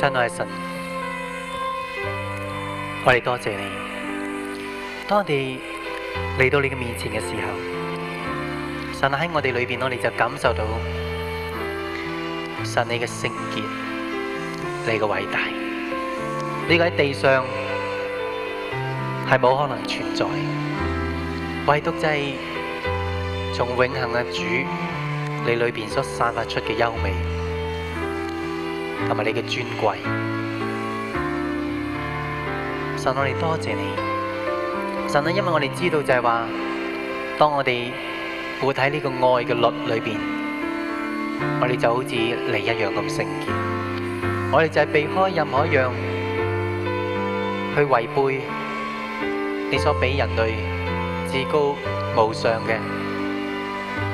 真愛神，我哋多謝你。當我哋嚟到你嘅面前嘅時候，神喺我哋裏邊，我哋就感受到神你嘅聖潔，你嘅偉大。呢個喺地上係冇可能存在，唯獨就係從永恆嘅主你裏邊所散發出嘅優美。同埋你嘅尊貴，神啊，我哋多謝你，神啊，因為我哋知道就係話，當我哋活喺呢個愛嘅律裏邊，我哋就好似你一樣咁聖潔，我哋就係避開任何一樣去違背你所俾人類至高無上嘅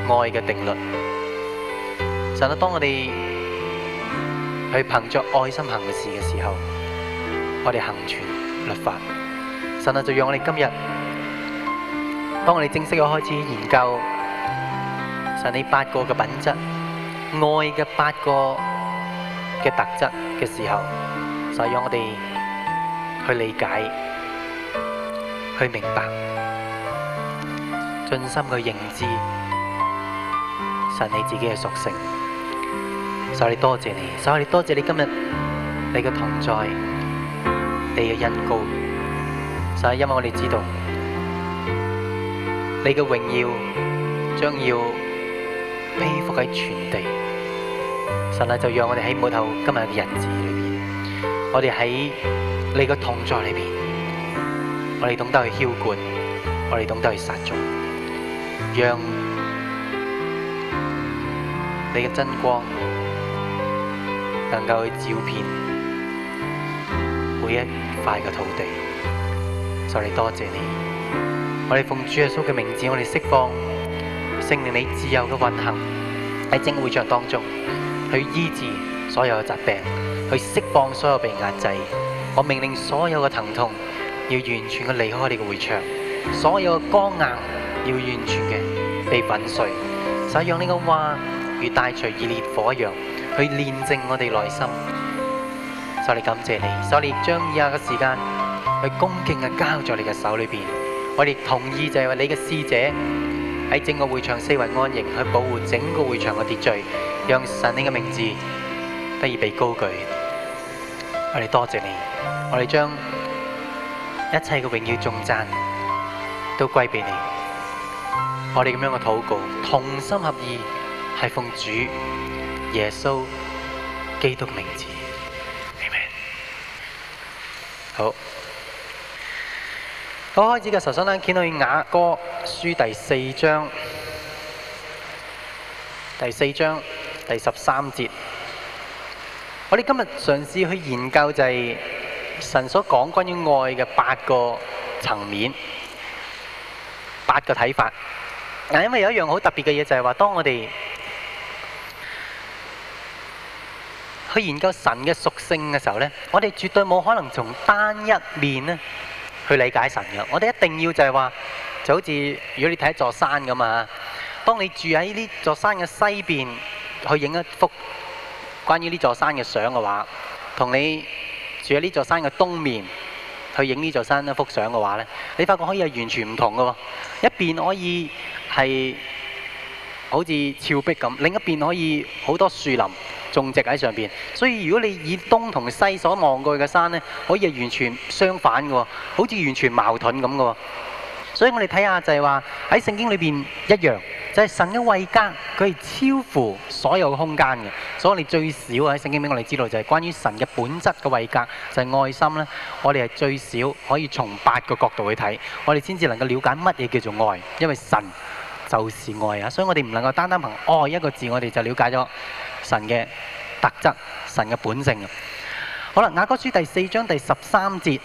愛嘅定律，神啊，當我哋去憑着愛心行嘅事嘅時候，我哋行全律法。神啊，就讓我哋今日，當我哋正式去開始研究神你八個嘅品質、愛嘅八個嘅特質嘅時候，就讓我哋去理解、去明白、盡心去認知神你自己嘅屬性。神啊！你多謝你，神啊！你多謝你今日你嘅同在，你嘅恩膏，所以因為我哋知道你嘅榮耀將要披覆喺全地。神啊！就讓我哋喺末後今日嘅日子裏面，我哋喺你嘅同在裏面，我哋懂得去澆灌，我哋懂得去撒種，讓你嘅真光。能夠去照遍每一塊嘅土地，就嚟多謝你。我哋奉主耶穌嘅名字，我哋釋放，聖靈，你自由嘅運行喺正會場當中，去醫治所有嘅疾病，去釋放所有被壓制，我命令所有嘅疼痛要完全嘅離開你嘅會場，所有嘅剛硬要完全嘅被粉碎，使用呢個話如大錘與烈火一樣。去煉淨我哋內心，所以感謝你，所以將以下嘅時間，去恭敬嘅交在你嘅手裏邊。我哋同意就係話你嘅使者喺整個會場四圍安營，去保護整個會場嘅秩序，讓神呢個名字得以被高舉。我哋多謝你，我哋將一切嘅榮耀頌讚都歸俾你。我哋咁樣嘅禱告，同心合意係奉主。耶穌基督名字，Amen. 好，我開始嘅時候想呢，見到雅歌書第四章，第四章第十三節。我哋今日嘗試去研究就係神所講關於愛嘅八個層面，八個睇法。嗱，因為有一樣好特別嘅嘢就係話，當我哋佢研究神嘅屬性嘅時候呢，我哋絕對冇可能從單一面呢去理解神嘅。我哋一定要就係話，就好似如果你睇一座山咁啊，當你住喺呢座山嘅西邊去影一幅關於呢座山嘅相嘅話，同你住喺呢座山嘅東面去影呢座山一幅相嘅話呢，你發覺可以係完全唔同嘅喎。一邊可以係，好似峭壁咁，另一邊可以好多樹林種植喺上邊。所以如果你以東同西所望過去嘅山呢，可以係完全相反嘅，好似完全矛盾咁嘅。所以我哋睇下就係話喺聖經裏邊一樣，就係、是、神嘅位格，佢係超乎所有嘅空間嘅。所以我哋最少喺聖經裏我哋知道就係、是、關於神嘅本質嘅位格就係、是、愛心呢，我哋係最少可以從八個角度去睇，我哋先至能夠了解乜嘢叫做愛，因為神。就是愛啊！所以我哋唔能夠單單憑愛一個字，我哋就了解咗神嘅特質、神嘅本性。好啦，《雅歌》書第四章第十三節，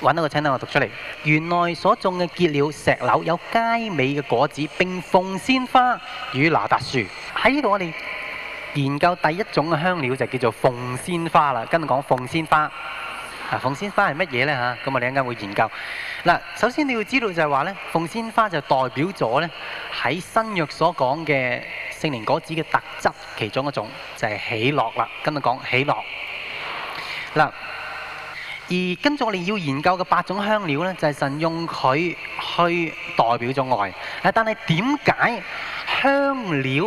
揾到個請等我讀出嚟。園內所種嘅結了石榴，有佳美嘅果子，並鳳仙花與拿達樹。喺呢度我哋研究第一種香料就叫做鳳仙花啦。跟住講鳳仙花。啊，鳳仙花係乜嘢呢？嚇，咁我哋一陣會研究。嗱，首先你要知道就係話咧，鳳仙花就代表咗咧喺新約所講嘅聖靈果子嘅特質其中一種，就係喜樂啦。今日講喜樂。嗱，而跟住我哋要研究嘅八種香料呢，就係神用佢去代表咗愛。但係點解香料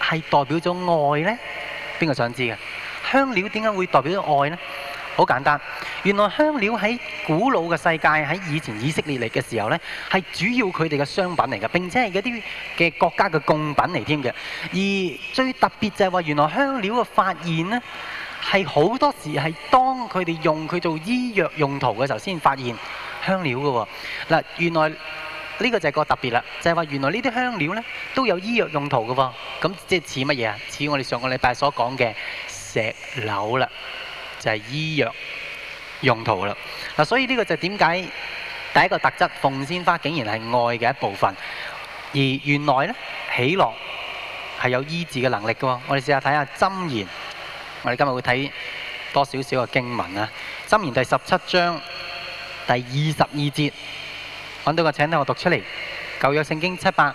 係代表咗愛呢？邊個想知嘅？香料點解會代表咗愛呢？好簡單，原來香料喺古老嘅世界，喺以前以色列嚟嘅時候呢，係主要佢哋嘅商品嚟嘅，並且係一啲嘅國家嘅供品嚟添嘅。而最特別就係話，原來香料嘅發現呢，係好多時係當佢哋用佢做醫藥用途嘅時候先發現香料嘅喎。嗱，原來呢個就係個特別啦，就係話原來呢啲香料呢都有醫藥用途嘅喎。咁即係似乜嘢啊？似我哋上個禮拜所講嘅石榴啦。就係醫藥用途啦。嗱，所以呢個就點解第一個特質？鳳仙花竟然係愛嘅一部分。而原來呢，喜樂係有醫治嘅能力嘅。我哋試下睇下《箴言》，我哋今日會睇多少少嘅經文啊。《箴言》第十七章第二十二節，揾到個，請聽我讀出嚟。舊約聖經七百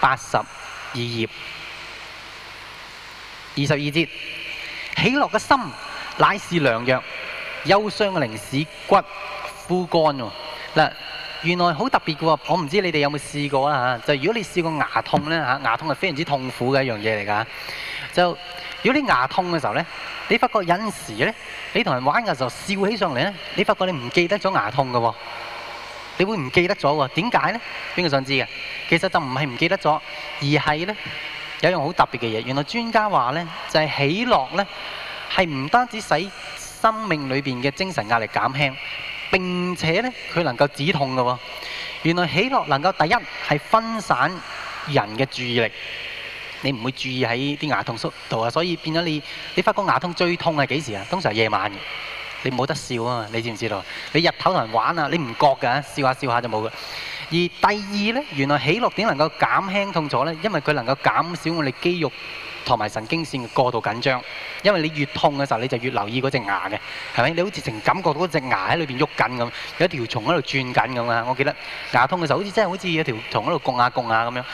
八十二頁二十二節，喜樂嘅心。乃是良藥，憂傷嘅靈使骨枯乾喎。嗱，原來好特別嘅喎，我唔知你哋有冇試過啊嚇。就如果你試過牙痛咧嚇，牙痛係非常之痛苦嘅一樣嘢嚟㗎。就如果你牙痛嘅時候咧，你發覺有陣時咧，你同人玩嘅時候笑起上嚟咧，你發覺你唔記得咗牙痛嘅喎，你會唔記得咗喎？點解咧？邊個想知嘅？其實就唔係唔記得咗，而係咧有一樣好特別嘅嘢。原來專家話咧，就係喜樂咧。係唔單止使生命裏邊嘅精神壓力減輕，並且呢佢能夠止痛㗎喎。原來喜樂能夠第一係分散人嘅注意力，你唔會注意喺啲牙痛縮度啊。所以變咗你，你發覺牙痛最痛係幾時啊？通常夜晚嘅，你冇得笑啊！你知唔知道？你日頭同人玩啊，你唔覺㗎，笑下笑下就冇㗎。而第二呢，原來喜樂點能夠減輕痛楚呢？因為佢能夠減少我哋肌肉，同埋神經線的過度緊張，因為你越痛嘅時候，你就越留意嗰隻牙嘅，係咪？你好似成感覺到嗰隻牙喺裏邊喐緊咁，有一條蟲喺度轉緊咁啊！我記得牙痛嘅時候，好似真係好似有條蟲喺度拱下拱下咁樣。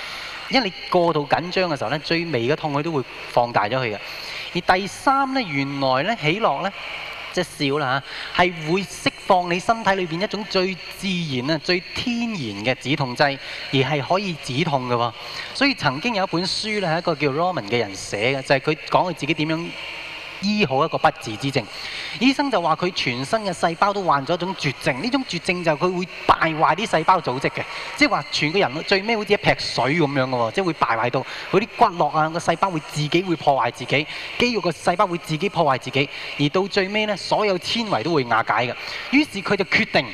因為你過度緊張嘅時，時候呢最微嗰痛佢都會放大咗佢。嘅。而第三呢，原來呢喜樂呢。即係笑啦嚇，係會釋放你身體裏面一種最自然啊、最天然嘅止痛劑，而係可以止痛嘅喎。所以曾經有一本書咧，係一個叫 Roman 嘅人寫嘅，就係、是、佢講佢自己點樣。醫好一個不治之症，醫生就話佢全身嘅細胞都患咗一種絕症，呢種絕症就係佢會敗壞啲細胞組織嘅，即係話全個人最尾好似一劈水咁樣嘅喎，即係會敗壞到嗰啲骨骼啊，個細胞會自己會破壞自己，肌肉個細胞會自己破壞自己，而到最尾呢，所有纖維都會瓦解嘅。於是佢就決定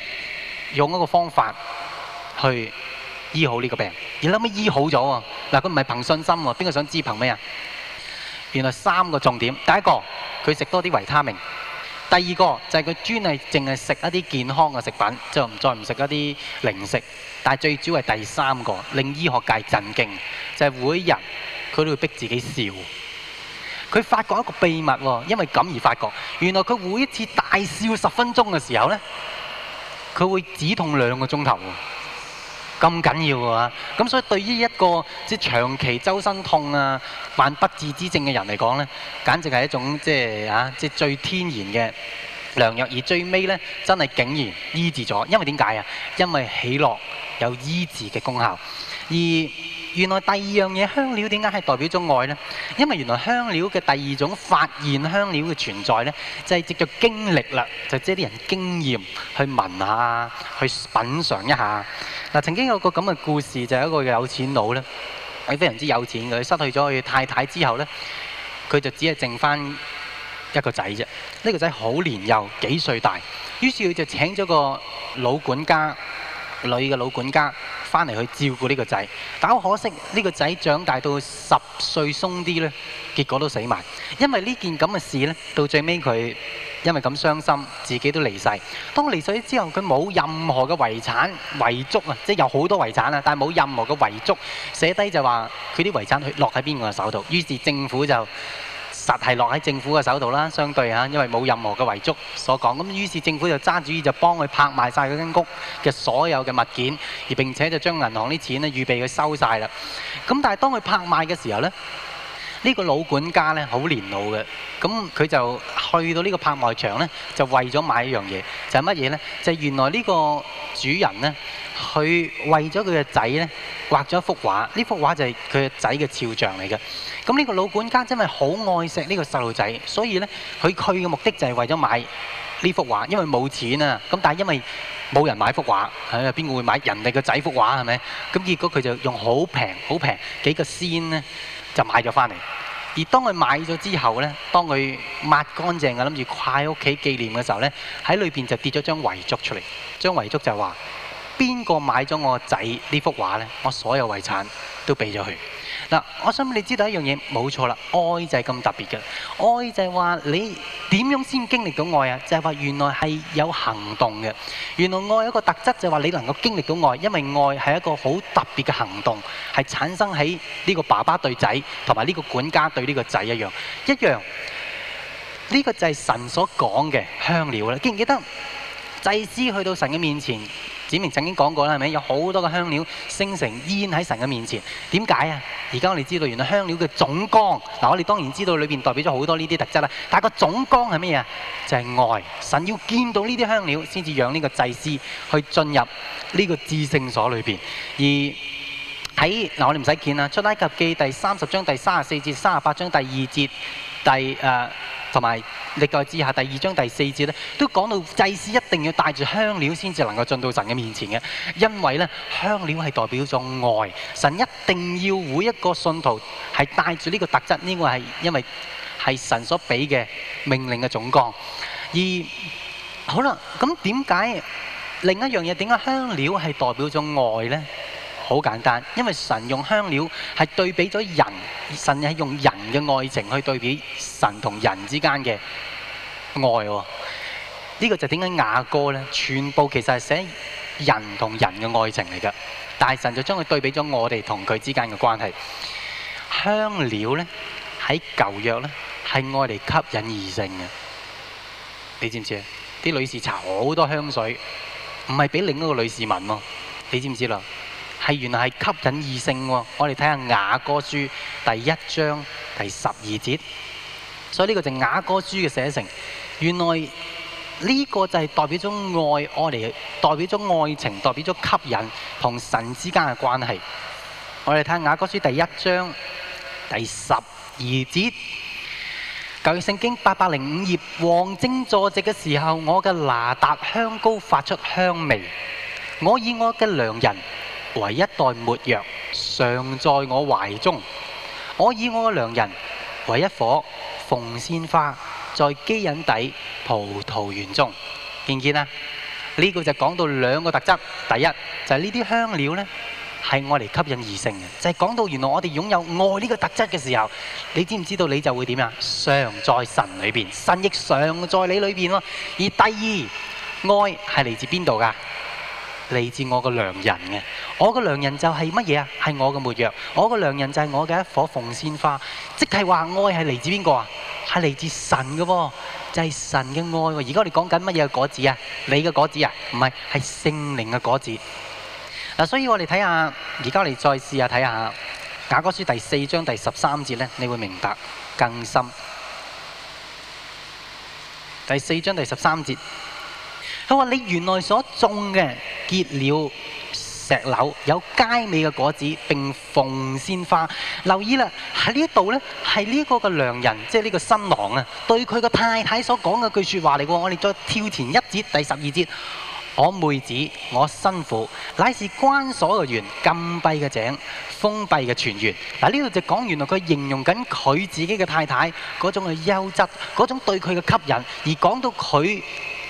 用一個方法去醫好呢個病，而諗尾醫好咗喎。嗱，佢唔係憑信心喎，邊個想知憑咩啊？原來三個重點，第一個佢食多啲維他命，第二個就係佢專係淨係食一啲健康嘅食品，就唔再唔食一啲零食。但係最主要係第三個令醫學界震驚，就係每一日佢都會逼自己笑。佢發覺一個秘密喎，因為咁而發覺，原來佢每一次大笑十分鐘嘅時候呢，佢會止痛兩個鐘頭喎。咁緊要㗎喎、啊，咁所以對於一個即係長期周身痛啊、患不治之症嘅人嚟講咧，簡直係一種即係啊，即係最天然嘅良藥，而最尾咧真係竟然醫治咗，因為點解啊？因為喜樂有醫治嘅功效，而。原來第二樣嘢香料點解係代表咗愛呢？因為原來香料嘅第二種發現香料嘅存在呢，就係藉著經歷啦，就即係啲人經驗去聞下，去品嚐一下。嗱，曾經有個咁嘅故事，就係、是、一個有錢佬呢，係非常之有錢嘅，佢失去咗佢太太之後呢，佢就只係剩翻一個仔啫。呢、這個仔好年幼，幾歲大？於是佢就請咗個老管家。女嘅老管家翻嚟去照顧呢個仔，但係好可惜，呢個仔長大到十歲鬆啲咧，結果都死埋。因為呢件咁嘅事咧，到最尾佢因為咁傷心，自己都離世。當離世之後，佢冇任何嘅遺產遺囑啊，即係有好多遺產啊，但係冇任何嘅遺囑寫低就話佢啲遺產去落喺邊個嘅手度。於是政府就。實係落喺政府嘅手度啦，相對嚇，因為冇任何嘅遺囑所講，咁於是政府就揸主意就幫佢拍賣晒嗰間屋嘅所有嘅物件，而並且就將銀行啲錢咧預備佢收晒啦。咁但係當佢拍賣嘅時候呢。呢個老管家呢好年老嘅，咁佢就去到呢個拍賣場呢，就為咗買一樣嘢，就係乜嘢呢？就係、原來呢個主人呢，佢為咗佢嘅仔呢，畫咗一幅畫，呢幅畫就係佢嘅仔嘅肖像嚟嘅。咁、這、呢個老管家真係好愛惜呢個細路仔，所以呢，佢佢嘅目的就係為咗買呢幅畫，因為冇錢啊。咁但係因為冇人買幅畫，係邊個會買人哋嘅仔幅畫係咪？咁結果佢就用好平好平幾個仙呢。就買咗翻嚟，而當佢買咗之後呢，當佢抹乾淨啊，諗住掛喺屋企紀念嘅時候呢，喺裏邊就跌咗張遺囑出嚟，張遺囑就話：邊個買咗我仔呢幅畫呢？我所有遺產都俾咗佢。嗱，我想你知道一樣嘢，冇錯啦，愛就係咁特別嘅，愛就係話你點樣先經歷到愛啊？就係話原來係有行動嘅，原來愛有一個特質就係話你能夠經歷到愛，因為愛係一個好特別嘅行動，係產生喺呢個爸爸對仔同埋呢個管家對呢個仔一樣，一樣，呢個就係神所講嘅香料啦，記唔記得？祭司去到神嘅面前，子明曾經講過啦，係咪有好多個香料昇成煙喺神嘅面前？點解啊？而家我哋知道原來香料嘅總光嗱，我哋當然知道裏邊代表咗好多呢啲特質啦。但係個總光係咩嘢？就係、是、愛。神要見到呢啲香料，先至讓呢個祭司去進入呢個至聖所裏邊。而喺嗱，我哋唔使見啦，《出埃及記》第三十章第三十四節，三十八章第二節第誒。呃同埋，歷代志下第二章第四節咧，都講到祭司一定要帶住香料先至能夠進到神嘅面前嘅，因為咧香料係代表咗愛，神一定要每一個信徒係帶住呢個特質，呢個係因為係神所俾嘅命令嘅總綱。而好啦，咁點解另一樣嘢點解香料係代表咗愛咧？好簡單，因為神用香料係對比咗人，神係用人嘅愛情去對比神同人之間嘅愛喎。呢個就點解雅歌呢？全部其實係寫人同人嘅愛情嚟㗎，大神就將佢對比咗我哋同佢之間嘅關係。香料呢，喺舊約呢，係愛嚟吸引異性嘅，你知唔知啊？啲女士搽好多香水，唔係俾另一個女士聞喎，你知唔知啦？係原來係吸引異性，我哋睇下雅歌書第一章第十二節。所以呢個就係雅歌書嘅寫成，原來呢個就係代表咗愛，愛嚟代表咗愛情，代表咗吸引同神之間嘅關係。我哋睇下雅歌書第一章第十二節，舊約聖經八百零五頁，王精坐席嘅時候，我嘅拿達香膏發出香味，我以我嘅良人，為一袋沒藥，常在我懷中。我以我嘅良人，為一棵鳳仙花，在隱基底葡萄園中。見唔見啊？呢個就講到兩個特質。第一就係呢啲香料呢，係愛嚟吸引異性嘅。就係講到原來我哋擁有愛呢個特質嘅時候，你知唔知道你就會點啊？常在神裏邊，神亦常在你裏邊咯。而第二，愛係嚟自邊度㗎？嚟自我個良人嘅，我個良人就係乜嘢啊？係我嘅沒藥，我個良人就係我嘅一顆鳳仙花，即係話愛係嚟自邊個啊？係嚟自神嘅喎，就係神嘅愛喎。而家我哋講緊乜嘢果子啊？你嘅果子啊？唔係，係聖靈嘅果子。嗱，所以我哋睇下，而家我哋再試下睇下雅歌書第四章第十三節咧，你會明白更深。第四章第十三節。佢話：你原來所種嘅結了石榴，有佳美嘅果子，並鳳仙花。留意啦，喺呢度呢，係呢一個嘅良人，即係呢個新郎啊，對佢嘅太太所講嘅句説話嚟喎。我哋再跳前一節，第十二節：我妹子，我辛苦，乃是關鎖嘅園，禁閉嘅井，封閉嘅泉源。嗱，呢度就講原來佢形容緊佢自己嘅太太嗰種嘅優質，嗰種對佢嘅吸引，而講到佢。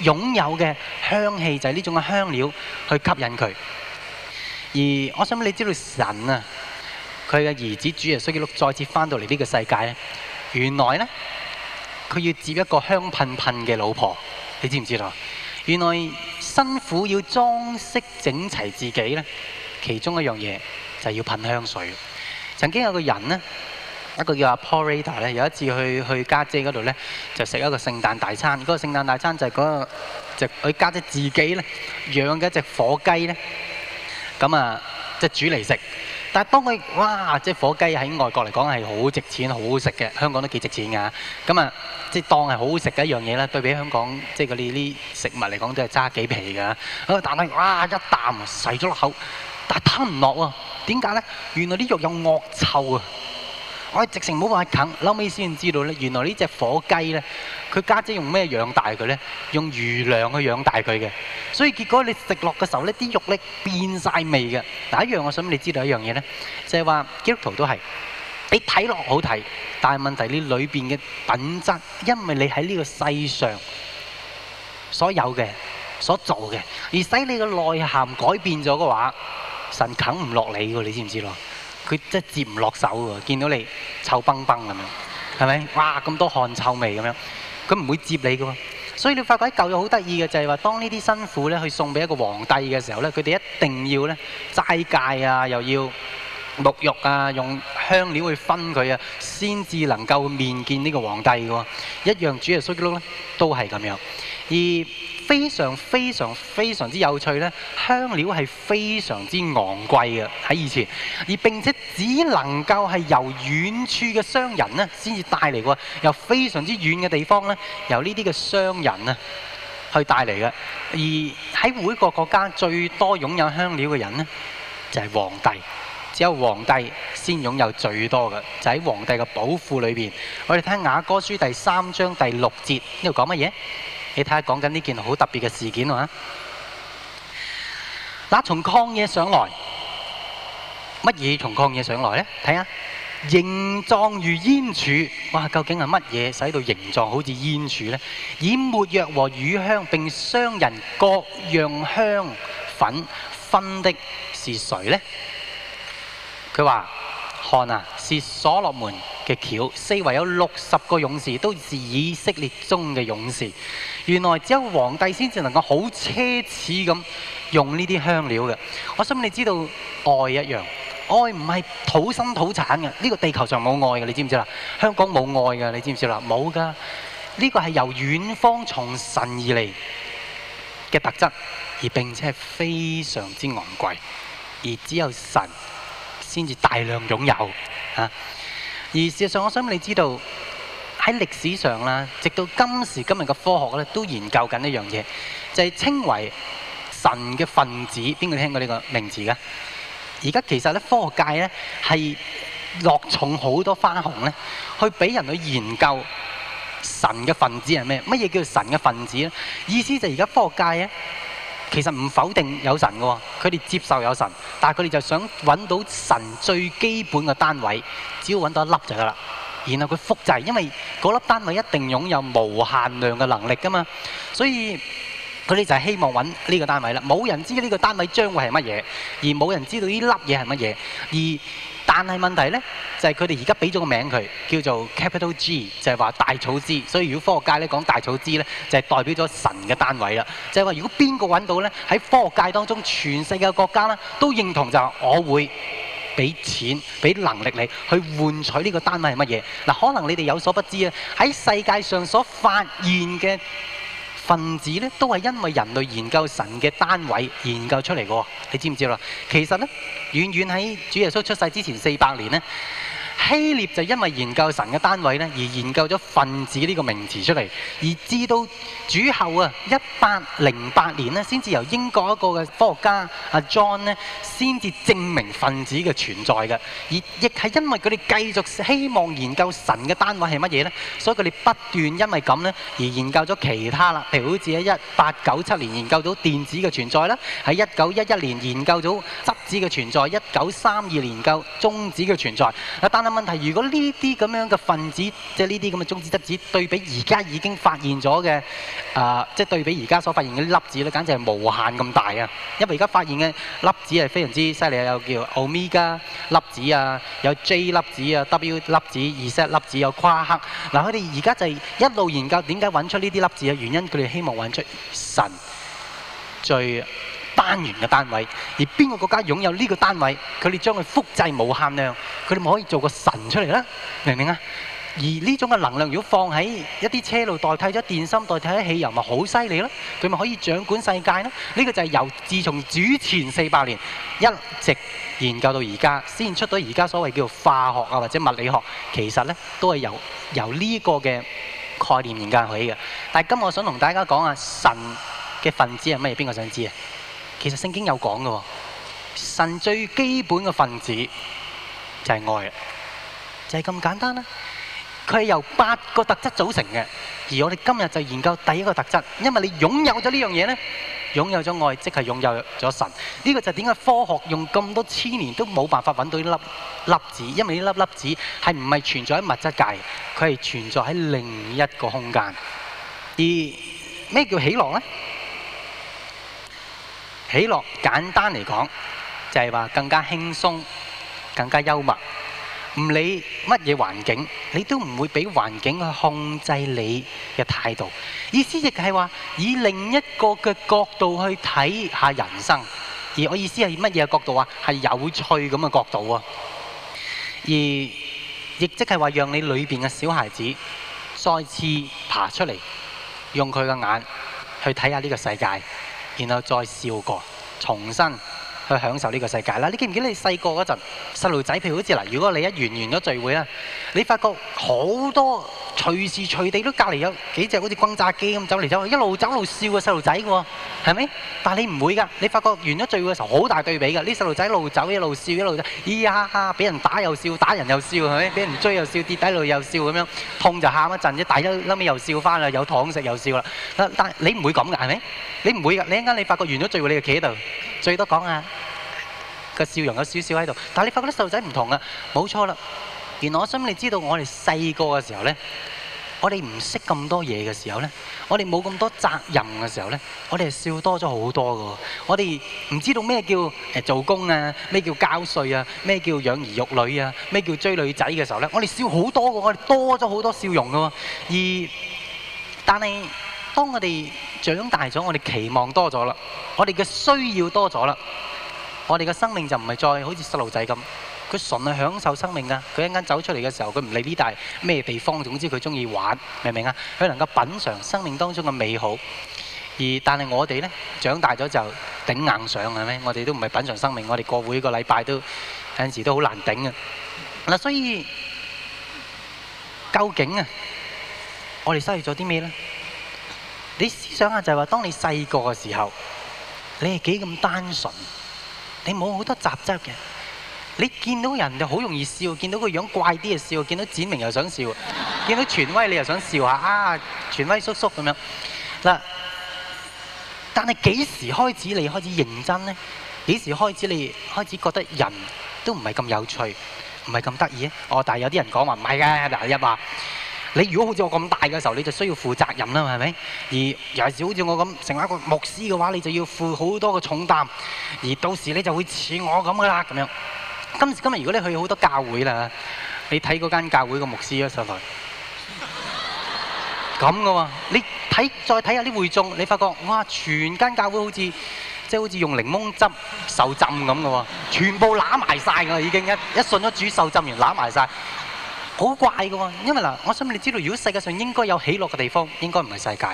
擁有嘅香氣就係呢種嘅香料去吸引佢。而我想你知道神啊，佢嘅兒子主耶穌基督再次翻到嚟呢個世界咧，原來呢，佢要接一個香噴噴嘅老婆，你知唔知道？原來辛苦要裝飾整齊自己呢，其中一樣嘢就係要噴香水。曾經有個人呢。一個叫阿 Paul Rader 咧，有一次去去家姐嗰度咧，就食一個聖誕大餐。嗰個聖誕大餐就係嗰個，就佢家姐自己咧養嘅一隻火雞咧。咁啊，即係煮嚟食。但係當佢哇，即係火雞喺外國嚟講係好值錢、好好食嘅，香港都幾值錢㗎。咁啊，即係當係好好食嘅一樣嘢啦。對比香港即係嗰啲啲食物嚟講，都係揸幾皮㗎。嗰個蛋奶哇一啖噬咗落口，但係吞唔落啊。點解咧？原來啲肉有惡臭啊！我直情冇法啃，嬲尾先知道呢。原來呢隻火雞呢，佢家姐，姐用咩養大佢呢？用魚糧去養大佢嘅，所以結果你食落嘅時候呢，啲肉呢變晒味嘅。第一樣我想你知道一樣嘢呢，就係、是、話基督徒都係你睇落好睇，但係問題你裏邊嘅品質，因為你喺呢個世上所有嘅所做嘅，而使你嘅內涵改變咗嘅話，神啃唔落你噶，你知唔知咯？佢真係接唔落手喎！見到你臭崩崩咁樣，係咪？哇！咁多汗臭味咁樣，佢唔會接你嘅喎。所以你發覺喺舊約好得意嘅就係話，當呢啲新婦咧去送俾一個皇帝嘅時候咧，佢哋一定要咧齋戒啊，又要沐浴啊，用香料去薰佢啊，先至能夠面見呢個皇帝嘅喎。一樣主耶穌都都係咁樣。而非常非常非常之有趣咧，香料係非常之昂貴嘅喺以前，而並且只能夠係由遠處嘅商人呢先至帶嚟嘅，由非常之遠嘅地方呢由呢啲嘅商人呢去帶嚟嘅。而喺每個國家最多擁有香料嘅人呢，就係皇帝，只有皇帝先擁有最多嘅，就喺皇帝嘅寶庫裏邊。我哋聽雅歌書第三章第六節呢度講乜嘢？你睇下講緊呢件好特別嘅事件啊！嗱，從曠野上來，乜嘢從曠野上來咧？睇下形狀如煙柱，哇！究竟係乜嘢使到形狀好似煙柱咧？以沒藥和乳香並商人各樣香粉薰的是誰咧？佢話，看啊，是所羅門嘅橋，四圍有六十個勇士，都是以色列中嘅勇士。原來只有皇帝先至能夠好奢侈咁用呢啲香料嘅。我想你知道愛一樣，愛唔係土生土產嘅，呢個地球上冇愛嘅，你知唔知啦？香港冇愛嘅，你知唔知啦？冇噶，呢個係由遠方從神而嚟嘅特質，而並且係非常之昂貴，而只有神。先至大量擁有嚇，而事實上，我想你知道喺歷史上啦，直到今時今日嘅科學咧，都研究緊一樣嘢，就係稱為神嘅分子。邊個聽過呢個名詞嘅？而家其實咧，科學界咧係落重好多花紅咧，去俾人去研究神嘅分子係咩？乜嘢叫神嘅分子咧？意思就係而家科學界咧。其實唔否定有神嘅，佢哋接受有神，但係佢哋就想揾到神最基本嘅單位，只要揾到一粒就得啦。然後佢複製，因為嗰粒單位一定擁有無限量嘅能力㗎嘛，所以佢哋就係希望揾呢個單位啦。冇人知呢個單位將會係乜嘢，而冇人知道呢粒嘢係乜嘢，而。但係問題呢，就係佢哋而家俾咗個名佢，叫做 Capital G，就係話大草枝。所以如果科學界咧講大草枝呢，就係、是、代表咗神嘅單位啦。就係話，如果邊個揾到呢，喺科學界當中，全世界的國家呢，都認同就係，我會俾錢俾能力你去換取呢個單位係乜嘢。嗱，可能你哋有所不知啊，喺世界上所發現嘅。分子咧都係因為人類研究神嘅單位研究出嚟嘅，你知唔知啦？其實呢，遠遠喺主耶穌出世之前四百年呢。希臘就因為研究神嘅單位咧，而研究咗分子呢個名詞出嚟，而至到主後啊一八零八年呢，先至由英國一個嘅科學家阿 John 呢，先至證明分子嘅存在嘅。而亦係因為佢哋繼續希望研究神嘅單位係乜嘢呢，所以佢哋不斷因為咁呢，而研究咗其他啦。譬如好似喺一八九七年研究到電子嘅存在啦，喺一九一一年研究到質子嘅存在，一九三二年研究了中子嘅存在。阿問題如果呢啲咁樣嘅分子，即係呢啲咁嘅中子質子，對比而家已經發現咗嘅啊，即、呃、係、就是、對比而家所發現嘅粒子咧，簡直係無限咁大啊！因為而家發現嘅粒子係非常之犀利，有叫奧米伽粒子啊，有 J 粒子啊，W 粒子、Z 粒子、有夸克。嗱、呃，佢哋而家就係一路研究點解揾出呢啲粒子嘅原因，佢哋希望揾出神最單元嘅單位，而邊個國家擁有呢個單位，佢哋將佢複製無限量，佢哋咪可以做個神出嚟啦？明唔明啊？而呢種嘅能量，如果放喺一啲車路，代替咗電芯、代替咗汽油，咪好犀利咯？佢咪可以掌管世界咯？呢個就係由自從主前四百年一直研究到而家，先出到而家所謂叫化學啊或者物理學，其實呢，都係由由呢個嘅概念研究起嘅。但係今日我想同大家講啊，神嘅分子係乜嘢？邊個想知啊？其實聖經有講嘅，神最基本嘅分子就係愛，就係咁簡單啦。佢係由八個特質組成嘅，而我哋今日就研究第一個特質。因為你擁有咗呢樣嘢呢，擁有咗愛，即係擁有咗神。呢個就係點解科學用咁多千年都冇辦法揾到呢粒粒子，因為呢粒粒子係唔係存在喺物質界，佢係存在喺另一個空間。而咩叫喜樂呢？喜樂簡單嚟講，就係話更加輕鬆、更加幽默。唔理乜嘢環境，你都唔會俾環境去控制你嘅態度。意思亦係話，以另一個嘅角度去睇下人生。而我意思係乜嘢角度啊？係有趣咁嘅角度啊。而亦即係話，讓你裏面嘅小孩子再次爬出嚟，用佢嘅眼去睇下呢個世界。然後再笑過，重新去享受呢個世界啦！你記唔記得你細個嗰陣，細路仔，譬如好似嗱，如果你一完完咗聚會咧，你發覺好多隨時隨地都隔籬有幾隻好似轟炸機咁走嚟走去，一路走一路笑嘅細路仔喎。係咪？但係你唔會噶，你發覺完咗聚會嘅時候好大對比噶。呢細路仔一路走一路笑一路，走，咿呀、哎、呀，俾人打又笑，打人又笑，係咪？俾人追又笑，跌低路又笑咁樣，痛就喊一陣啫。大一粒尾又笑翻啦，有糖食又笑啦。但係你唔會咁噶，係咪？你唔會噶。你一間你發覺完咗聚會，你就企喺度，最多講下、個笑容有少少喺度。但係你發覺啲細路仔唔同啊，冇錯啦。而我想你知道我哋細個嘅時候咧。我哋唔識咁多嘢嘅時候呢，我哋冇咁多責任嘅時候呢，我哋係笑多咗好多㗎。我哋唔知道咩叫誒、做工啊，咩叫交稅啊，咩叫養兒育女啊，咩叫追女仔嘅時候呢，我哋笑好多㗎，我哋多咗好多笑容㗎。而但係當我哋長大咗，我哋期望多咗啦，我哋嘅需要多咗啦，我哋嘅生命就唔係再好似細路仔咁。佢純係享受生命㗎，佢一間走出嚟嘅時候，佢唔理呢笪咩地方，總之佢中意玩，明唔明啊？佢能夠品嚐生命當中嘅美好，而但係我哋呢長大咗就頂硬上係咪？我哋都唔係品嚐生命，我哋過會個禮拜都有陣時都好難頂啊！嗱，所以究竟啊，我哋失去咗啲咩呢？你思想啊，就係話當你細個嘅時候，你係幾咁單純，你冇好多雜質嘅。你見到人就好容易笑，見到個樣怪啲就笑，見到展明又想笑，見到權威你又想笑下啊，權威叔叔咁樣嗱。但係幾時開始你開始認真呢？幾時開始你開始覺得人都唔係咁有趣，唔係咁得意啊？哦，但係有啲人講話唔係嘅，嗱，一話你如果好似我咁大嘅時候，你就需要負責任啦，係咪？而尤其是好似我咁成為一個牧師嘅話，你就要負好多嘅重擔，而到時你就會似我咁噶啦，咁樣。今時今日如果你去好多教會啦，你睇嗰間教會個牧師啊上台，咁嘅喎，你睇再睇下啲會眾，你發覺哇，全間教會好似即係好似用檸檬汁受浸咁嘅喎，全部揦埋曬嘅已經一一信咗主受浸完揦埋晒，好怪嘅喎，因為嗱，我想你知道如果世界上應該有喜樂嘅地方，應該唔係世界。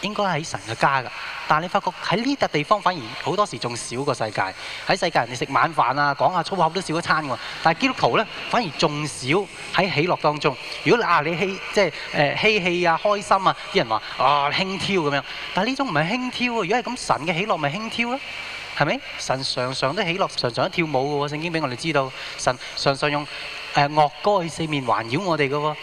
應該喺神嘅家㗎，但係你發覺喺呢笪地方反而好多時仲少過世界。喺世界人哋食晚飯啊，講下粗口都少一餐㗎喎。但係基督徒咧，反而仲少喺喜樂當中。如果啊你嬉，即係誒嬉戲啊、開心啊，啲人話啊輕佻咁樣。但係呢種唔係輕佻喎，如果係咁，神嘅喜樂咪輕佻咯，係咪？神常常都喜樂，常常都跳舞嘅喎。聖經俾我哋知道，神常常用誒樂歌去四面環繞我哋嘅喎。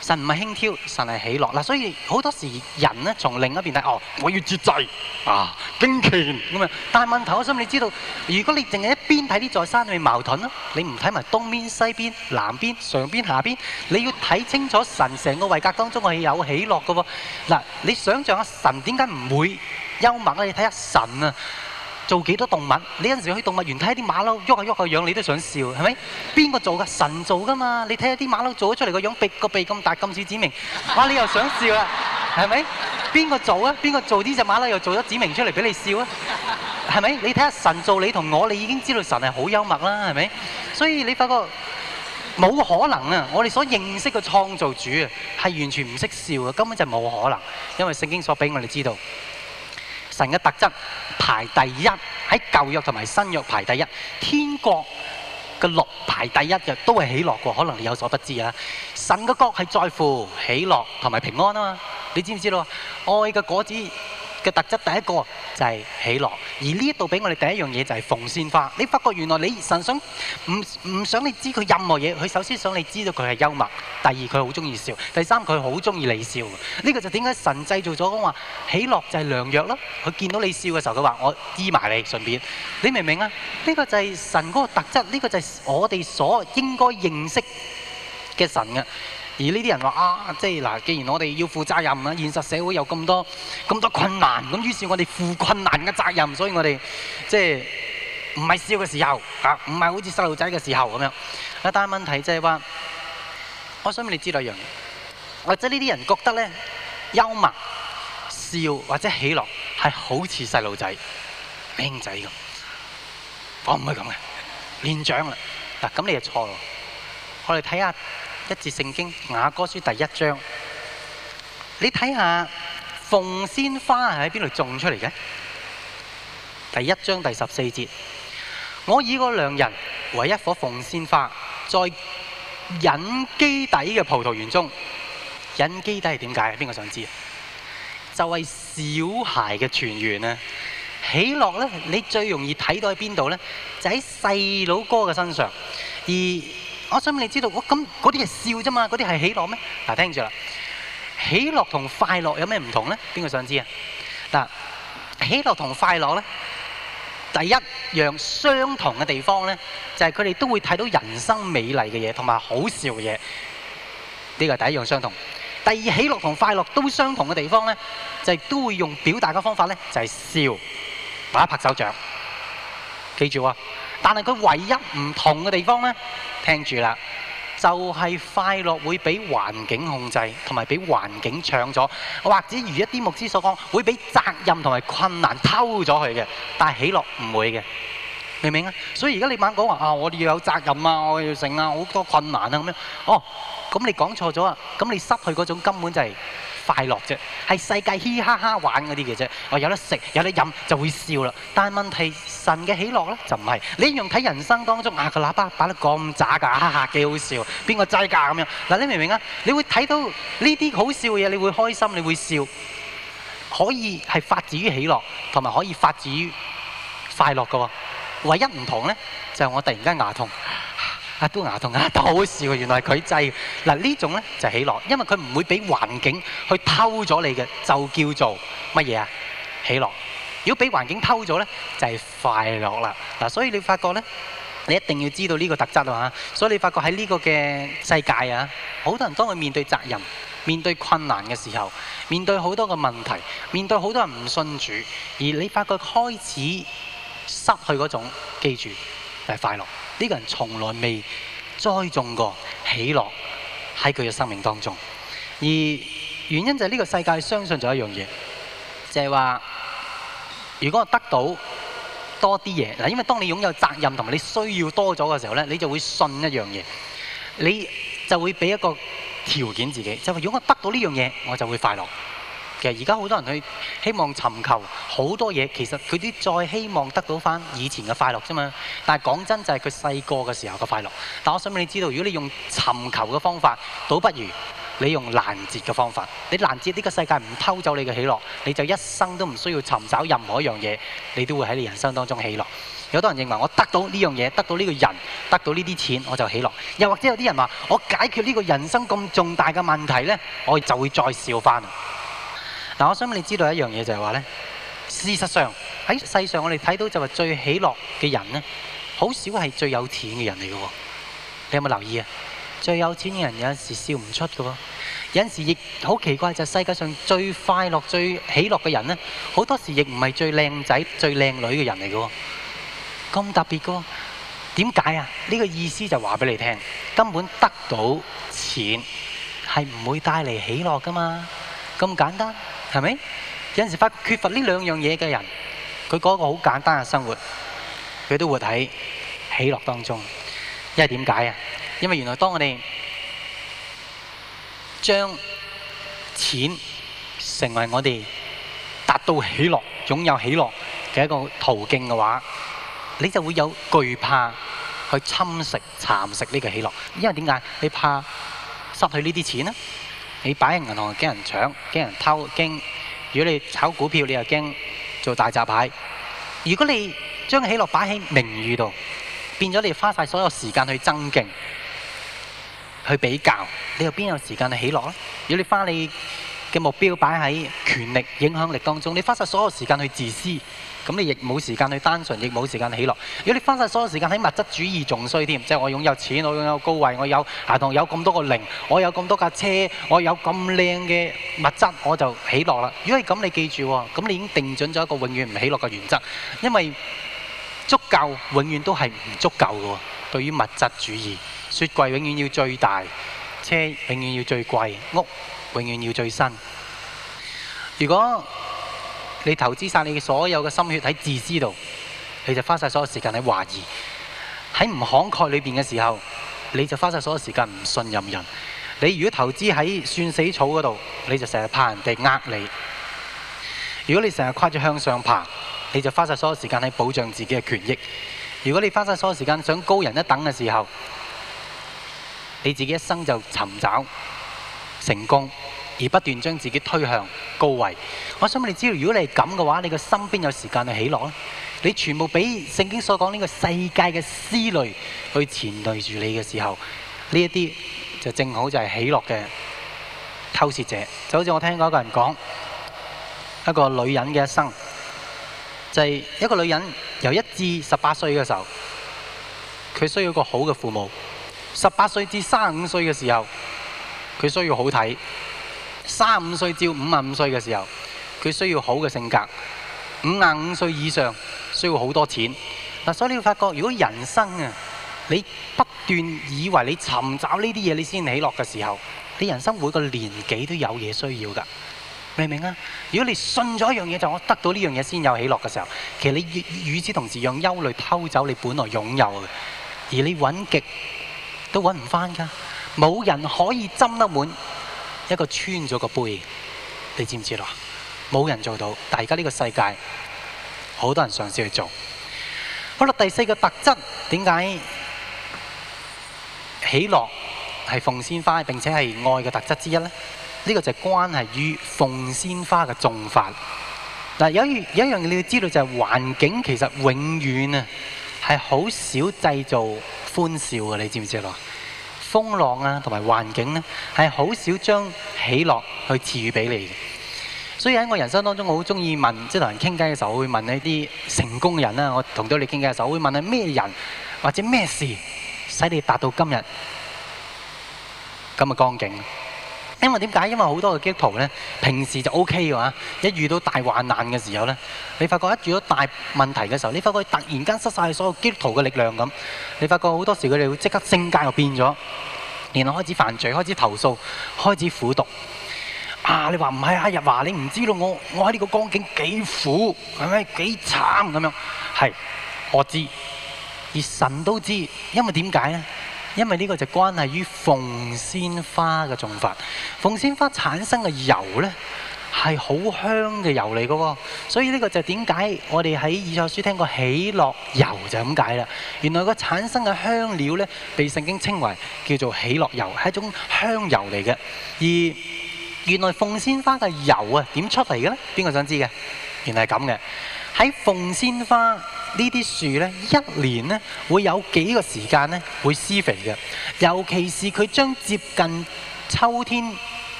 神唔係輕佻，神係喜樂嗱，所以好多時人咧從另一邊睇，哦，我要節制啊，經權咁啊，但係問題我想你知道，如果你淨係一邊睇呢座山裏面矛盾咯，你唔睇埋東面、西邊、南邊、上邊、下邊，你要睇清楚神成個位格當中我係有喜樂嘅喎，嗱，你想象下神點解唔會幽默咧？你睇下神啊！做幾多動物？你有陣時去動物園睇啲馬騮喐下喐下樣，你都想笑，係咪？邊個做㗎？神做㗎嘛？你睇下啲馬騮做咗出嚟個樣，鼻個鼻咁大咁似指明，哇！你又想笑啦，係咪？邊個做啊？邊個做呢隻馬騮又做咗指明出嚟俾你笑啊？係咪？你睇下神做你，你同我你已經知道神係好幽默啦，係咪？所以你發覺冇可能啊！我哋所認識嘅創造主啊，係完全唔識笑嘅，根本就冇可能，因為聖經所俾我哋知道。神嘅特質排第一，喺舊約同埋新約排第一。天國嘅樂排第一嘅，都係喜樂嘅，可能你有所不知啊！神嘅國係在乎喜樂同埋平安啊嘛！你知唔知道？愛嘅果子。嘅特質第一個就係、是、喜樂，而呢一度俾我哋第一樣嘢就係鳳仙花。你發覺原來你神想唔唔想你知佢任何嘢，佢首先想你知道佢係幽默。第二佢好中意笑，第三佢好中意你笑。呢、這個就點解神製造咗講話喜樂就係良藥咯？佢見到你笑嘅時候，佢話我醫埋你，順便你明唔明啊？呢、這個就係神嗰個特質，呢、這個就係我哋所應該認識嘅神啊！而呢啲人話啊，即係嗱，既然我哋要負責任啊，現實社會有咁多咁多困難，咁於是，我哋負困難嘅責任，所以我哋即係唔係笑嘅時候啊，唔係好似細路仔嘅時候咁樣。啊，但係問題就係話，我想問你知道一樣嘢，或者呢啲人覺得咧幽默笑或者喜樂係好似細路仔僆仔咁，我唔係咁嘅，年長啦，嗱，咁你就錯喎，我哋睇下。一節聖經雅歌書第一章，你睇下鳳仙花係喺邊度種出嚟嘅？第一章第十四節，我以嗰兩人為一顆鳳仙花，在隱基底嘅葡萄園中。隱基底係點解？邊個想知？就係、是、小孩嘅泉源啊！喜樂呢，你最容易睇到喺邊度呢？就喺細佬哥嘅身上，而。我想你知道咁嗰啲係笑啫嘛？嗰啲係喜樂咩？嗱，聽住啦，喜樂同快樂有咩唔同咧？邊個想知啊？嗱，喜樂同快樂咧，第一樣相同嘅地方咧，就係佢哋都會睇到人生美麗嘅嘢，同埋好笑嘅嘢。呢個係第一樣相同。第二，喜樂同快樂都相同嘅地方咧，就係都會用表達嘅方法咧，就係笑，或者拍手掌，記住啊！但係佢唯一唔同嘅地方呢，聽住啦，就係快樂會俾環境控制，同埋俾環境搶咗，或者如一啲牧師所講，會俾責任同埋困難偷咗佢嘅。但係喜樂唔會嘅，明唔明啊？所以而家你猛講話啊，我哋要有責任啊，我要成啊好多困難啊咁樣。哦，咁你講錯咗啊！咁你失去嗰種根本就係。快樂啫，係世界嘻哈哈玩嗰啲嘅啫。我有得食，有得飲，就會笑啦。但係問題是神嘅喜樂呢就唔係。你一樣睇人生當中啊，個喇叭打得咁渣㗎，哈哈幾好笑，邊個擠架咁樣嗱？你明唔明啊？你會睇到呢啲好笑嘅嘢，你會開心，你會笑，可以係發自於喜樂，同埋可以發自於快樂㗎喎。唯一唔同呢，就係、是、我突然間牙痛。啊都牙痛啊，都好笑喎，原來佢制嗱呢種呢，就喜樂，因為佢唔會俾環境去偷咗你嘅，就叫做乜嘢啊？喜樂。如果俾環境偷咗呢，就係、是、快樂啦。嗱，所以你發覺呢，你一定要知道呢個特質啊嚇。所以你發覺喺呢個嘅世界啊，好多人當佢面對責任、面對困難嘅時候，面對好多個問題，面對好多人唔信主，而你發覺開始失去嗰種，記住係、就是、快樂。呢個人從來未栽種過喜樂喺佢嘅生命當中，而原因就係呢個世界相信咗一樣嘢，就係話如果我得到多啲嘢，嗱，因為當你擁有責任同埋你需要多咗嘅時候呢，你就會信一樣嘢，你就會俾一個條件自己，就係如果我得到呢樣嘢，我就會快樂。其實而家好多人去希望尋求好多嘢，其實佢啲再希望得到翻以前嘅快樂啫嘛。但係講真，就係佢細個嘅時候嘅快樂。但我想問你知道，如果你用尋求嘅方法，倒不如你用攔截嘅方法。你攔截呢個世界，唔偷走你嘅喜樂，你就一生都唔需要尋找任何一樣嘢，你都會喺你人生當中喜樂。有多人認為我得到呢樣嘢，得到呢個人，得到呢啲錢，我就喜樂。又或者有啲人話，我解決呢個人生咁重大嘅問題呢，我就會再笑翻。嗱，但我想你知道一樣嘢就係話呢，事實上喺世上我哋睇到就係最喜樂嘅人呢，好少係最有錢嘅人嚟嘅喎。你有冇留意啊？最有錢嘅人有時笑唔出嘅喎，有時亦好奇怪，就係世界上最快樂、最喜樂嘅人呢，好多時亦唔係最靚仔、最靚女嘅人嚟嘅喎。咁特別嘅喎，點解啊？呢個意思就話俾你聽，根本得到錢係唔會帶嚟喜樂㗎嘛，咁簡單。係咪？有陣時發覺缺乏呢兩樣嘢嘅人，佢過一個好簡單嘅生活，佢都活喺喜樂當中。因為點解啊？因為原來當我哋將錢成為我哋達到喜樂、擁有喜樂嘅一個途徑嘅話，你就會有懼怕去侵蝕、蠶食呢個喜樂。因為點解？你怕失去呢啲錢呢？你擺喺銀行驚人搶、驚人偷、驚；如果你炒股票，你又驚做大閘蟹。如果你將喜樂擺喺名譽度，變咗你花晒所有時間去爭競、去比較，你又邊有時間去喜樂咧？如果你花你嘅目標擺喺權力、影響力當中，你花晒所有時間去自私。咁你亦冇時間去單純，亦冇時間起落。如果你花曬所有時間喺物質主義，仲衰添。即係我擁有錢，我擁有高位，我有牙堂，有咁多個零，我有咁多架車，我有咁靚嘅物質，我就起落啦。如果係咁，你記住，咁你已經定準咗一個永遠唔起落嘅原則。因為足夠永遠都係唔足夠嘅。對於物質主義，雪櫃永遠要最大，車永遠要最貴，屋永遠要最新。如果你投資晒你的所有嘅心血喺自知度，你就花晒所有時間喺懷疑；喺唔慷慨裏邊嘅時候，你就花晒所有時間唔信任人。你如果投資喺算死草嗰度，你就成日怕人哋呃你。如果你成日跨住向上爬，你就花晒所有時間喺保障自己嘅權益。如果你花晒所有時間想高人一等嘅時候，你自己一生就尋找成功。而不斷將自己推向高位，我想問你知道，如果你係咁嘅話，你個心邊有時間去喜樂呢？你全部俾聖經所講呢個世界嘅思慮去纏累住你嘅時候，呢一啲就正好就係喜樂嘅偷竊者。就好似我聽過一個人講一個女人嘅一生，就係、是、一個女人由一至十八歲嘅時候，佢需要一個好嘅父母；十八歲至三五歲嘅時候，佢需要好睇。三五歲至五十五歲嘅時候，佢需要好嘅性格；五十五歲以上需要好多錢。嗱，所以你會發覺，如果人生啊，你不斷以為你尋找呢啲嘢你先喜樂嘅時候，你人生每個年紀都有嘢需要噶，明唔明啊？如果你信咗一樣嘢就我得到呢樣嘢先有喜樂嘅時候，其實你與此同時用憂慮偷走你本來擁有嘅，而你揾極都揾唔翻噶，冇人可以斟得滿。一個穿咗個杯，你知唔知咯？冇人做到，但而家呢個世界好多人嘗試去做。好啦，第四個特質點解喜樂係鳳仙花並且係愛嘅特質之一咧？呢、這個就係關係於鳳仙花嘅種法。嗱，有一一樣嘢你要知道就係、是、環境其實永遠啊係好少製造歡笑嘅，你知唔知咯？風浪啊，同埋環境呢，係好少將喜樂去賜予俾你嘅。所以喺我人生當中，我好中意問，即係同人傾偈嘅時候，我會問呢啲成功嘅人啦。我同咗你傾偈嘅時候，我會問你咩人或者咩事使你達到今日咁嘅光景。因為點解？因為好多嘅基督徒咧，平時就 O K 㗎嘛，一遇到大患難嘅時候咧，你發覺一遇到大問題嘅時候，你發覺突然間失曬所有基督徒嘅力量咁，你發覺好多時佢哋會即刻性格又變咗，然後開始犯罪、開始投訴、開始苦毒。啊！你話唔係啊？日華你唔知道我我喺呢個光景幾苦係咪幾慘咁樣？係我知，而神都知，因為點解咧？因為呢個就關係於鳳仙花嘅種法，鳳仙花產生嘅油呢，係好香嘅油嚟嘅喎，所以呢個就點解我哋喺《以賽亞書》聽過喜樂油就咁解啦。原來個產生嘅香料呢，被聖經稱為叫做喜樂油，係一種香油嚟嘅。而原來鳳仙花嘅油啊，點出嚟嘅呢？邊個想知嘅？原來係咁嘅，喺鳳仙花。這些呢啲樹咧，一年咧會有幾個時間咧會施肥嘅，尤其是佢將接近秋天、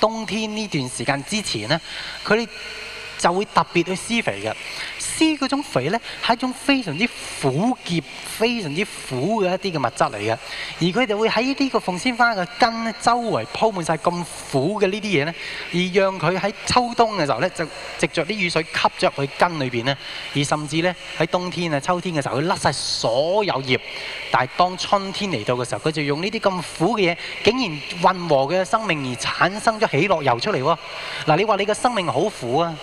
冬天呢段時間之前咧，佢就會特別去施肥嘅。黐嗰種肥呢，係一種非常之苦澀、非常之苦嘅一啲嘅物質嚟嘅，而佢哋會喺呢個鳳仙花嘅根呢，周圍鋪滿晒咁苦嘅呢啲嘢呢，而讓佢喺秋冬嘅時候呢，就藉着啲雨水吸咗入佢根裏邊呢，而甚至呢，喺冬天啊、秋天嘅時候佢甩晒所有葉，但係當春天嚟到嘅時候，佢就用呢啲咁苦嘅嘢，竟然混和佢嘅生命而產生咗喜樂油出嚟喎。嗱、啊，你話你嘅生命好苦啊！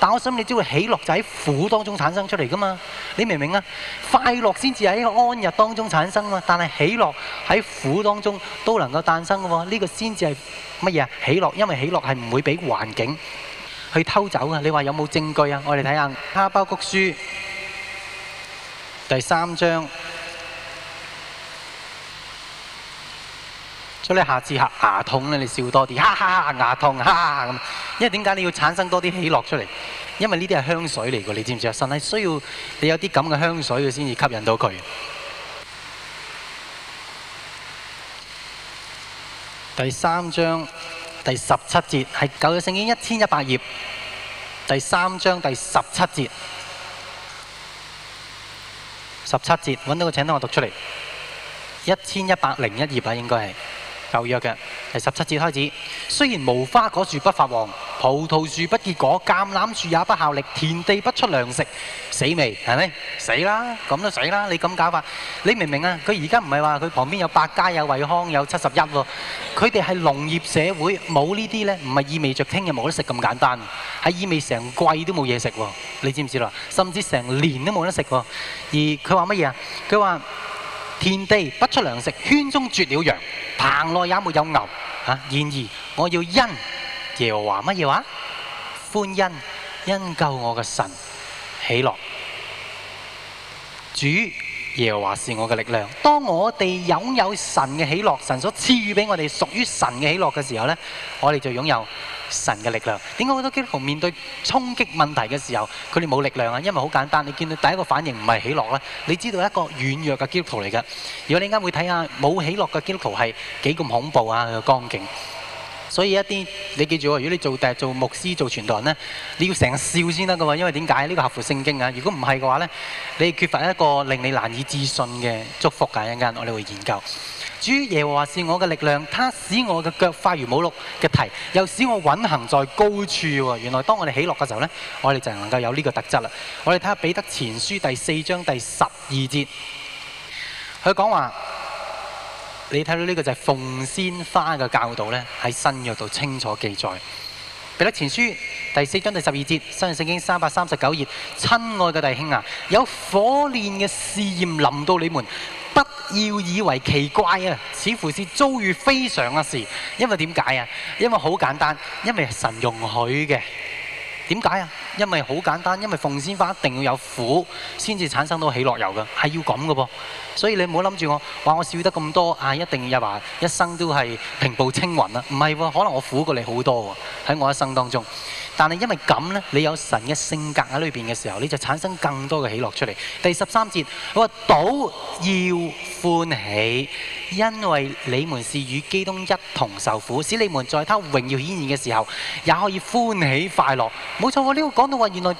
但我心，你知喎？喜樂就喺苦當中產生出嚟噶嘛？你明唔明啊？快樂先至喺呢個安逸當中產生啊！但係喜樂喺苦當中都能夠誕生嘅喎，呢、呢個先至係乜嘢啊？喜樂，因為喜樂係唔會俾環境去偷走啊。你話有冇證據啊？我哋睇下《哈巴谷書》第三章。所以下次牙痛咧，你笑多啲，哈哈哈，牙痛，哈哈咁。因為點解你要產生多啲喜樂出嚟？因為呢啲係香水嚟噶，你知唔知啊？身體需要你有啲咁嘅香水，佢先至吸引到佢。第三章第十七節係《舊約聖經》一千一百頁，第三章第十七節，十七節揾到個請幫我讀出嚟，一千一百零一頁啊，應該係。舊約嘅係十七節開始，雖然無花果樹不發旺，葡萄樹不結果，橄欖樹也不效力，田地不出糧食，死未係咪？死啦，咁都死啦！你咁搞法，你明唔明啊？佢而家唔係話佢旁邊有百佳、有惠康、有七十一喎，佢哋係農業社會，冇呢啲呢，唔係意味着聽日冇得食咁簡單，係意味成季都冇嘢食喎，你知唔知啦？甚至成年都冇得食喎。而佢話乜嘢啊？佢話。田地不出糧食，圈中絕了羊，棚內也沒有，有牛，啊。然而我要因，耶和華乜嘢話？歡欣，因救我嘅神喜樂，主。耶和華是我嘅力量。當我哋擁有神嘅喜樂，神所賜予俾我哋屬於神嘅喜樂嘅時候呢，我哋就擁有神嘅力量。點解好多基督徒面對衝擊問題嘅時候，佢哋冇力量啊？因為好簡單，你見到第一個反應唔係喜樂啦。你知道一個軟弱嘅基督徒嚟㗎。如果你啱會睇下冇喜樂嘅基督徒係幾咁恐怖啊，佢嘅光景。所以一啲你記住如果你做第日做牧師做傳道人呢，你要成日笑先得噶喎，因為點解呢個合乎聖經啊？如果唔係嘅話呢，你缺乏一個令你難以置信嘅祝福㗎。一陣間我哋會研究。 主耶和華是我嘅力量，他使我嘅腳快如母鹿嘅蹄，又使我穩行在高處喎。原來當我哋起落嘅時候呢，我哋就能夠有呢個特質啦。我哋睇下彼得前書第四章第十二節，佢講話。你睇到呢個就係鳳仙花嘅教導，呢喺新約度清楚記載。彼得前書第四章第十二節，新約聖經三百三十九頁。親愛嘅弟兄啊，有火煉嘅試驗臨到你們，不要以為奇怪啊，似乎是遭遇非常嘅事。因為點解啊？因為好簡單，因為神容許嘅。點解啊？因為好簡單，因為鳳仙花一定要有苦，先至產生到喜樂油㗎，係要咁嘅噃。所以你唔好諗住我，話我笑得咁多啊，一定要話一生都係平步青雲呀。唔係喎，可能我苦過你好多喎，喺我一生當中。但係因為咁呢，你有神嘅性格喺裏面嘅時候，你就產生更多嘅喜樂出嚟。第十三節，我話倒要歡喜，因為你們是與基督一同受苦，使你們在他榮耀顯現嘅時候，也可以歡喜快樂。冇錯，我呢個講到話原來。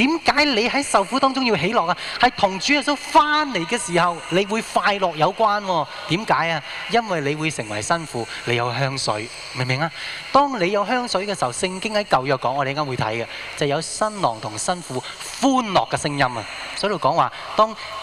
點解你喺受苦當中要喜樂啊？係同主耶穌翻嚟嘅時候，你會快樂有關喎？點解啊？因為你會成為新婦，你有香水，明唔明啊？當你有香水嘅時候，聖經喺舊約講，我哋應該會睇嘅，就係有新郎同新婦歡樂嘅聲音啊！所以講話當。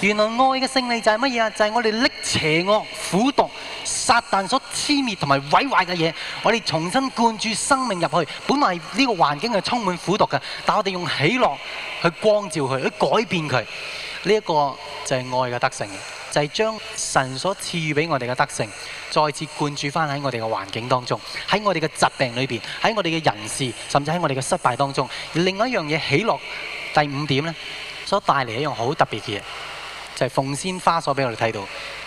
原來愛嘅勝利就係乜嘢啊？就係、是、我哋拎邪惡、苦毒、撒但所黐滅同埋毀壞嘅嘢，我哋重新灌注生命入去。本來呢個環境係充滿苦毒嘅，但我哋用喜樂去光照佢，去改變佢。呢、這、一個就係愛嘅德性，就係、是、將神所賜予俾我哋嘅德性再次灌注翻喺我哋嘅環境當中，喺我哋嘅疾病裏邊，喺我哋嘅人事，甚至喺我哋嘅失敗當中。而另外一樣嘢，喜樂第五點呢，所帶嚟一樣好特別嘅嘢。就係鳳仙花所俾我哋睇到，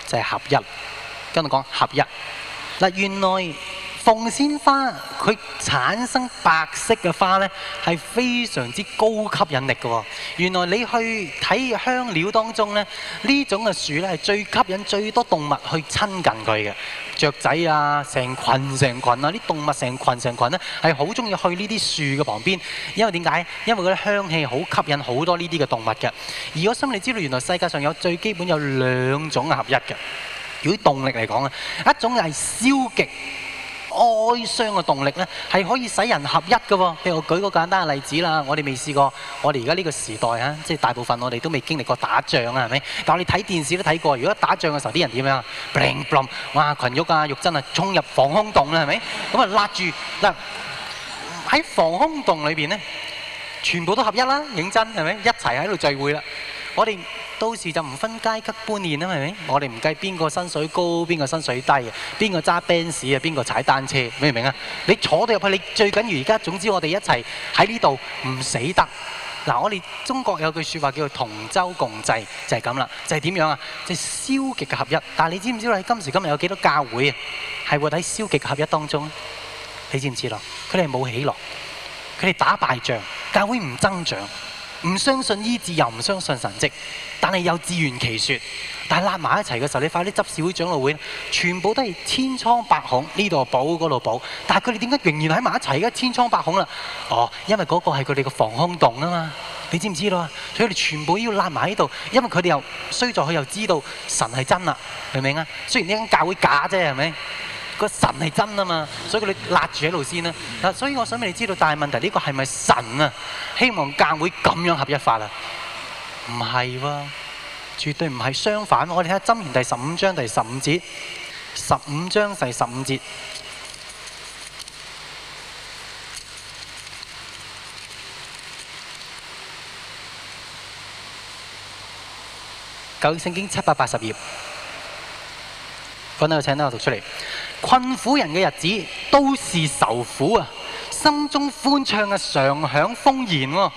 就係、是、合一。跟住講合一，嗱原來。鳳仙花佢產生白色嘅花呢，係非常之高吸引力嘅，哦。原來你去睇香料當中呢，呢種嘅樹呢，係最吸引最多動物去親近佢嘅雀仔啊，成群成群啊啲動物成群成群咧係好中意去呢啲樹嘅旁邊，因為點解？因為佢啲香氣好吸引好多呢啲嘅動物嘅。而我心裏知道，原來世界上有最基本有兩種合一嘅，如果動力嚟講啊，一種係消極，哀傷嘅動力呢係可以使人合一嘅喎。譬如我舉個簡單嘅例子啦，我哋未試過。我哋而家呢個時代嚇，即係大部分我哋都未經歷過打仗啊，係咪？但係我哋睇電視都睇過。如果打仗嘅時候，啲人點樣？bling blum，哇！群喐啊，肉真啊，衝入防空洞啦，係咪？咁啊，拉住嗱，喺防空洞裏面呢，全部都合一啦，認真係咪？一齊喺度聚會啦，我哋。到時就唔分階級觀念啦，係咪？我哋唔計邊個薪水高，邊個薪水低，邊個揸 ben 士啊，邊個踩單車，明唔明啊？你坐到入去，你最緊要而家，總之我哋一齊喺呢度唔死得。嗱，我哋中國有句説話叫做同舟共濟，就係咁啦。就係、是、點樣啊？就係、消極嘅合一。但係你知唔知道喺今時今日有幾多教會啊？係會喺消極嘅合一當中，你知唔知咯？佢哋冇喜樂，佢哋打敗仗，教會唔增長。唔相信醫治又唔相信神蹟，但係又自圓其説。但係攬埋一齊嘅時候，你快啲執事會長老會，全部都係千瘡百孔，呢度補嗰度補。但係佢哋點解仍然喺埋一齊嘅？而家千瘡百孔啦。哦，因為嗰個係佢哋嘅防空洞啊嘛。你知唔知道啊？所以你全部要攬埋喺度，因為佢哋又衰在佢又知道神係真啦。明唔明啊？雖然呢間教會假啫，係咪？個神係真啊嘛，所以佢哋立住喺度先啦。嗱，所以我想俾你知道，大問題呢，呢個係咪神啊？希望教會咁樣合一法啦，唔係喎，絕對唔係相反。我哋睇下《箴言》第十五章第十五節，十五章係十五節，舊聖經七百八,八十頁，翻到請我讀出嚟。困苦人嘅日子都是愁苦啊，心中歡暢嘅常享豐筵。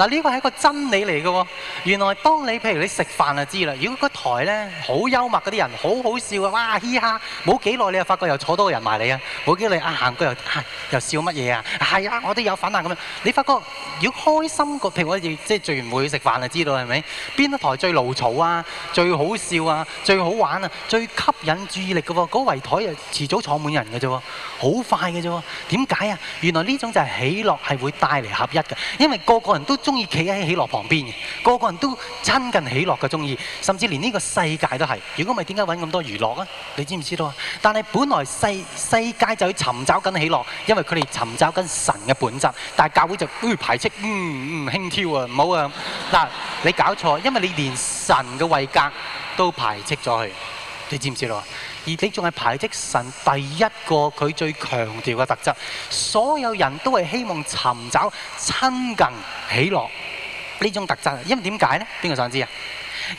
嗱，呢個係一個真理嚟嘅喎。原來當你譬如你食飯就知啦。如果個台咧好幽默嗰啲人，好好笑啊，哇！嘻哈，冇幾耐你又發覺又坐多個人埋你啊！冇幾耐啊，行過又、哎、又笑乜嘢啊？係、哎、啊，我都有反應咁樣。你發覺如果開心個，譬如我哋即係聚完會食飯就知道係咪？邊一台最勞嘈啊？最好笑啊？最好玩啊？最吸引注意力嘅喎、哦，嗰、那、圍、個、台啊，遲早坐滿人嘅啫喎，好快嘅啫喎。點解啊？原來呢種就係喜樂係會帶嚟合一嘅，因為個個人都。中意企喺喜樂旁邊嘅，個個人都親近喜樂嘅中意，甚至連呢個世界都係。如果唔係，點解揾咁多娛樂啊？你知唔知道啊？但係本來世世界就要尋找緊喜樂，因為佢哋尋找緊神嘅本質。但係教會就都要、呃、排斥，嗯嗯輕佻啊，唔好啊。嗱、 啊，你搞錯，因為你連神嘅位格都排斥咗去，你知唔知道啊？而你仲係排斥神第一個佢最強調嘅特質。所有人都係希望尋找親近喜樂呢種特質，因為點解呢？邊個想知呀？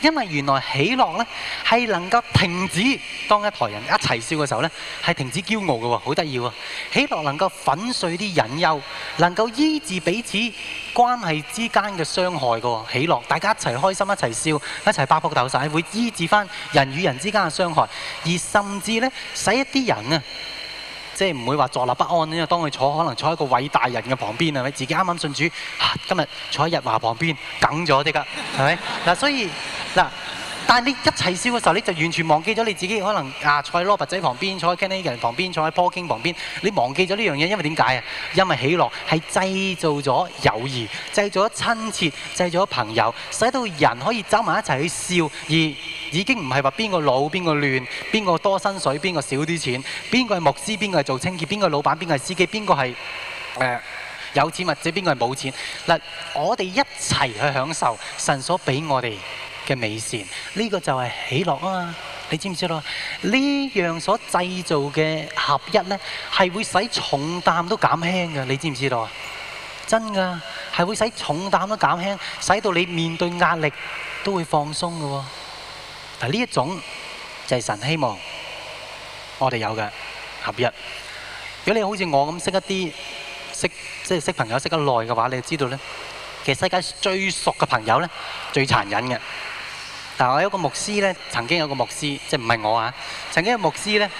因為原來喜樂呢，係能夠停止當一台人一齊笑嘅時候呢，係停止驕傲嘅喎，好得意喎！喜樂能夠粉碎啲隱憂，能夠醫治彼此關係之間嘅傷害嘅喎，喜樂大家一齊開心，一齊笑，一齊爆破頭晒，會醫治返人與人之間嘅傷害，而甚至呢，使一啲人啊～即係唔會話坐立不安。因為當佢坐，可能坐喺個偉大人嘅旁邊啊，咪自己啱啱信主，啊，今日坐喺日華旁邊梗咗啲噶，係咪？嗱， 所以嗱。啊但係你一齊笑嘅時候，你就完全忘記咗你自己。可能啊，坐喺蘿蔔仔旁邊，坐喺 Kenny 人旁邊，坐喺 Paul King 旁邊，你忘記咗呢樣嘢，因為點解啊？因為喜樂係製造咗友誼，製造咗親切，製造咗朋友，使到人可以走埋一齊去笑，而已經唔係話邊個老邊個亂，邊個多薪水邊個少啲錢，邊個係牧師邊個係做清潔，邊個係老闆邊個係司機，邊個係誒有錢或者邊個係冇錢。嗱，我哋一齊去享受神所俾我哋嘅美善，呢個就係喜樂啊嘛，你知唔知道？呢樣所製造嘅合一咧，係會使重擔都減輕嘅。你知唔知道啊？真㗎，係會使重擔都減輕，使到你面對壓力都會放鬆嘅喎。嗱，呢一種就係神希望我哋有嘅合一。如果你好似我咁識一啲識即係識朋友識得耐嘅話，你就知道咧，其實世界最熟嘅朋友咧，最殘忍嘅。但我有一個牧師咧，曾經有個牧師，即係唔係我啊，曾經有個牧師咧，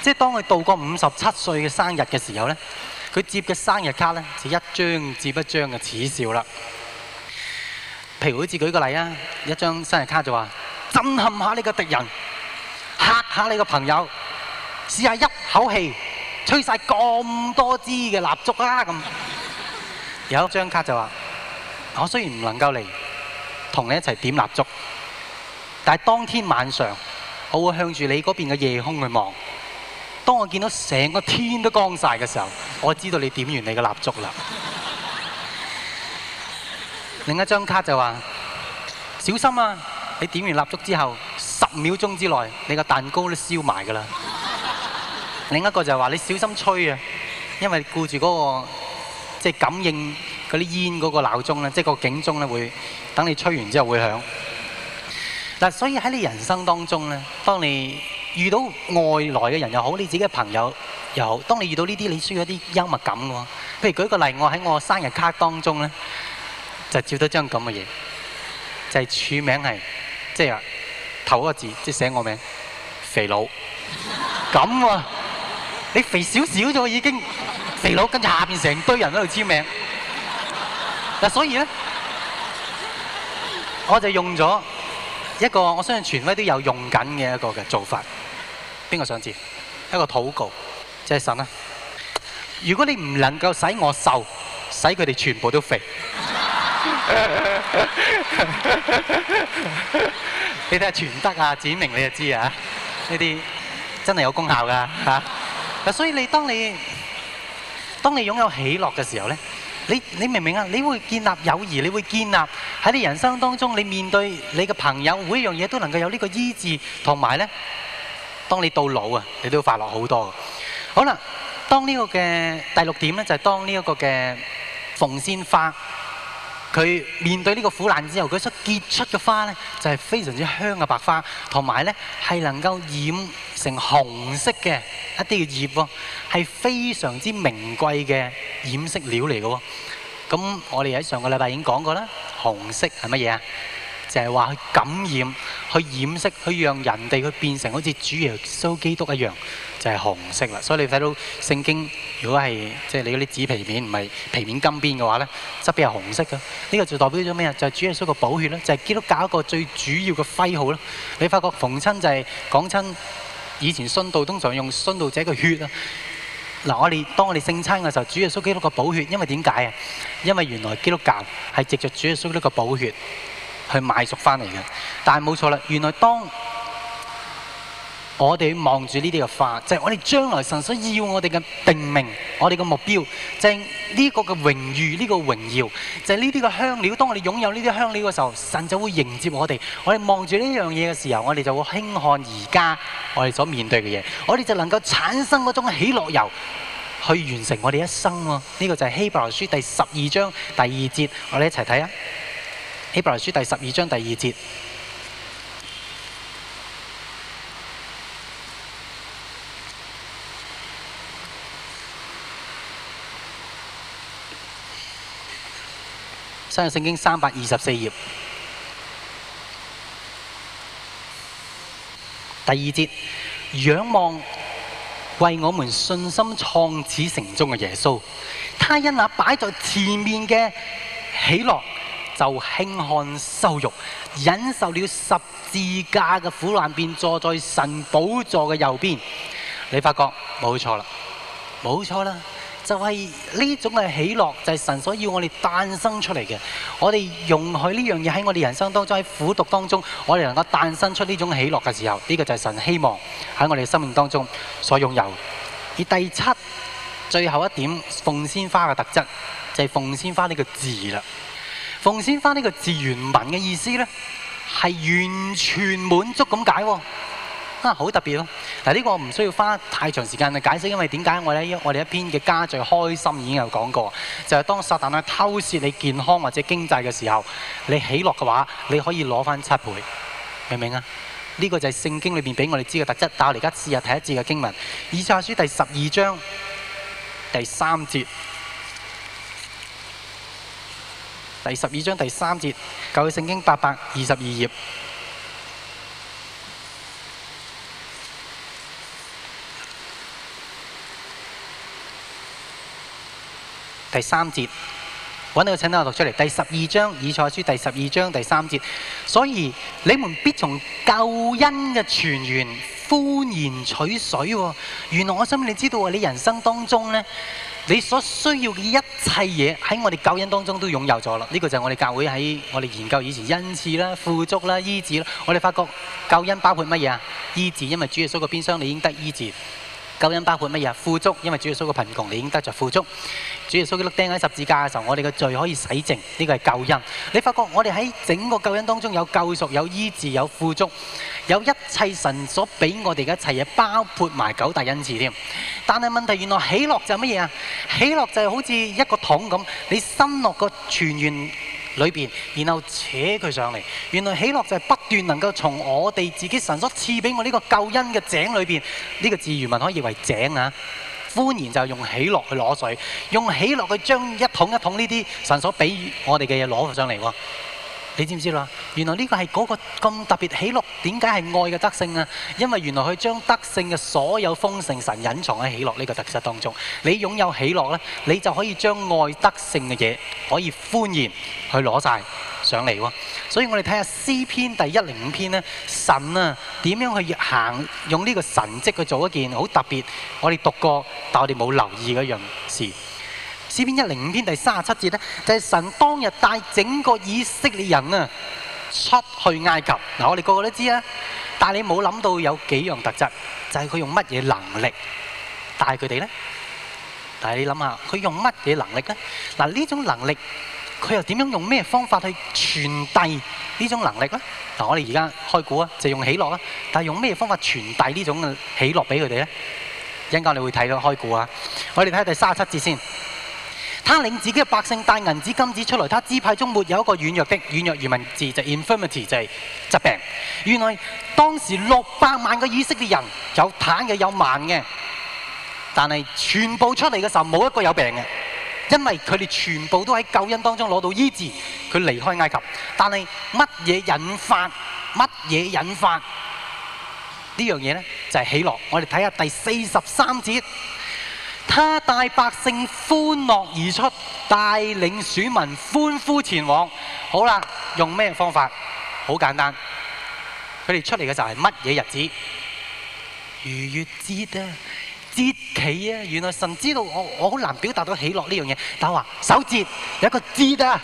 即係當佢度過五十七歲嘅生日嘅時候咧，佢接嘅生日卡咧，就一張接一張嘅恥笑啦。譬如好似舉個例啊，一張生日卡就話：震撼下你個敵人，嚇下你個朋友，試下一口氣吹晒咁多支嘅蠟燭啦咁。有一張卡就話：我雖然唔能夠嚟同你一齊點蠟燭。但係當天晚上，我會向住你嗰邊嘅夜空去望。當我見到成個天都光晒嘅時候，我知道你點完你嘅蠟燭啦。 另一張卡就話：小心啊！你點完蠟燭之後，十秒鐘之內，你個蛋糕都燒埋㗎啦。 另一個就係話：你小心吹啊，因為顧住嗰個即係感應嗰啲煙嗰個鬧鐘咧，即係個警鐘咧會等你吹完之後會響。嗱，所以喺你人生當中咧，當你遇到外來嘅人又好，你自己嘅朋友又好，當你遇到呢啲，你需要一啲幽默感喎。譬如舉個例，我喺我生日卡當中咧，就照到張咁嘅嘢，就係署名係即係頭嗰個字，即係寫我名，肥佬。咁喎，你肥少少啫喎已經，肥佬跟住下邊成堆人喺度簽名。嗱，所以咧，我就用咗。一個我相信傳威都有用緊嘅一個嘅做法，邊個想知？一個禱告，即係神啦、啊。如果你唔能夠使我瘦，使佢哋全部都肥， 你睇下傳德啊、子明你就知啊，呢啲真係有功效噶嚇。嗱、啊，所以你當你當你擁有喜樂嘅時候咧。你你明唔明啊？你會建立友誼，你會建立喺你人生當中，你面對你嘅朋友每一樣嘢都能夠有呢個醫治。同埋呢，當你到老啊，你都快樂好多。好啦，當呢個嘅第六點呢，就係、是、當呢一個嘅鳳仙花。佢面對呢個苦難之後，佢出結出嘅花呢，就係非常之香嘅白花，同埋呢係能夠染成紅色嘅一啲嘅葉喎，係非常之名貴嘅染色料嚟嘅喎。咁我哋喺上個禮拜已經講過啦，紅色係乜嘢啊？就係話去感染、去掩飾、去讓人哋去變成好似主耶穌基督一樣，就係、是、紅色啦。所以你睇到聖經，如果係即係你嗰啲紙皮面唔係皮面金邊嘅話咧，側邊係紅色嘅。呢、這個就代表咗咩啊？就係、是、主耶穌嘅寶血啦，就係、是、基督教一個最主要嘅徽號啦。你發覺逢親就係講親以前殉道通常用殉道者嘅血啊。嗱，我哋當我哋聖餐嘅時候，主耶穌基督嘅寶血，因為點解啊？因為原來基督教係藉着主耶穌基督嘅寶血。去買贖翻嚟嘅，但係冇錯啦。原來當我哋望住呢啲嘅花，即係我哋將來神需要我哋嘅定命，我哋嘅目標，即係呢個嘅榮譽，呢個榮耀，就係呢啲嘅香料。當我哋擁有呢啲香料嘅時候，神就會迎接我哋。我哋望住呢樣嘢嘅時候，我哋就會輕看而家我哋所面對嘅嘢。我哋就能夠產生嗰種喜樂油，去完成我哋一生喎。呢個就係希伯來書第十二章第二節，我哋一齊睇啊！希伯來書第十二章第二節，新約聖經三百二十四頁第二節，仰望為我們信心創始成終嘅耶穌，他因那擺在前面嘅喜樂。就輕看羞辱，忍受了十字架嘅苦難，便坐在神寶座嘅右邊。你發覺冇錯啦，冇錯啦，就係呢種嘅喜樂，就係神所要我哋誕生出嚟嘅。我哋容許呢樣嘢喺我哋人生當中，喺苦讀當中，我哋能夠誕生出呢種喜樂嘅時候，呢個就係神希望喺我哋生命當中所擁有。而第七最後一點，鳳仙花嘅特質就係鳳仙花呢個字啦。鳳仙花呢個字原文嘅意思呢，係完全滿足咁解喎，啊好特別咯，啊。嗱呢個唔需要花太長時間去解釋，因為點解我我哋一篇嘅家在開心已經有講過，就係、是，當撒旦偷竊你健康或者經濟嘅時候，你喜樂嘅話，你可以攞翻七倍，明唔明啊？呢、這個就係聖經裏面俾我哋知嘅特質。但我哋而家試下睇一節嘅經文，以賽亞書第十二章第三節。第十二章第三節，舊聖經八百二十二頁第三節，揾到請到我讀出嚟。第十二章以賽書第十二章第三節，所以你們必從救恩嘅泉源歡然取水，哦。原來我想你知道啊，你人生當中呢。你所需要嘅一切嘢喺我哋救恩當中都擁有咗啦，呢、這個就係我哋教會喺我哋研究以前恩賜啦、富足啦、醫治啦。我哋發覺救恩包括乜嘢啊？醫治，因為主耶穌嘅鞭傷，你已經得醫治。救恩包括乜嘢？富足，因為主耶穌嘅貧窮，你已經得著富足。主耶穌基督釘喺十字架嘅時候，我哋嘅罪可以洗淨，呢個係救恩。你發覺我哋喺整個救恩當中有救贖、有醫治、有富足、有一切神所俾我哋嘅一切嘢，包括埋九大恩賜添。但係問題，原來喜樂就係乜嘢啊？喜樂就係好似一個桶咁，你心落個全圓。裏邊，然後扯佢上嚟。原來喜樂就係不斷能夠從我哋自己神所賜俾我呢個救恩嘅井裏邊，呢、這個字原文可以譯為井啊。歡然就係用喜樂去攞水，用喜樂去將一桶一桶呢啲神所俾我哋嘅嘢攞上嚟喎。你知唔知啦？原來呢個係嗰個咁特別喜樂，點解係愛嘅德性啊？因為原來佢將德性嘅所有豐盛神隱藏喺喜樂呢個特質當中。你擁有喜樂呢，你就可以將愛德性嘅嘢可以歡迎去攞晒上嚟喎。所以我哋睇下詩篇第一零五篇呢，神啊點樣去行，用呢個神跡去做一件好特別。我哋讀過，但我哋冇留意嘅樣事。詩篇一零五篇第三十七節呢，就係神當日帶整個以色列人啊出去埃及。嗱，我哋個個都知啊，但係你冇諗到有幾樣特質，就係佢用乜嘢能力帶佢哋呢？但係你諗下，佢用乜嘢能力呢？嗱，呢種能力佢又點樣用咩方法去傳遞呢種能力呢？嗱，我哋而家開估啊，就用喜樂啦。但係用咩方法傳遞呢種喜樂俾佢哋呢？一陣間你會睇到開估啊。我哋睇下第三十七節先。他領自己嘅百姓帶銀子金子出來，他支派中沒有一個軟弱的。軟弱如文字就 infirmity 就係疾病。原來當時六百萬個以色列人有癱嘅，有盲嘅，但係全部出嚟嘅時候冇一個有病嘅，因為佢哋全部都喺救恩當中攞到醫治，佢離開埃及。但係乜嘢引發？乜嘢引發呢樣嘢呢，就係喜樂。我哋睇下第四十三節。他帶百姓歡樂而出，帶領選民歡呼前往。好啦，用咩方法？好簡單，佢哋出嚟嘅就係乜嘢日子？如月之得。節期啊，原來神知道我我好難表達到喜樂呢樣嘢，但係我話守節有一個節啊，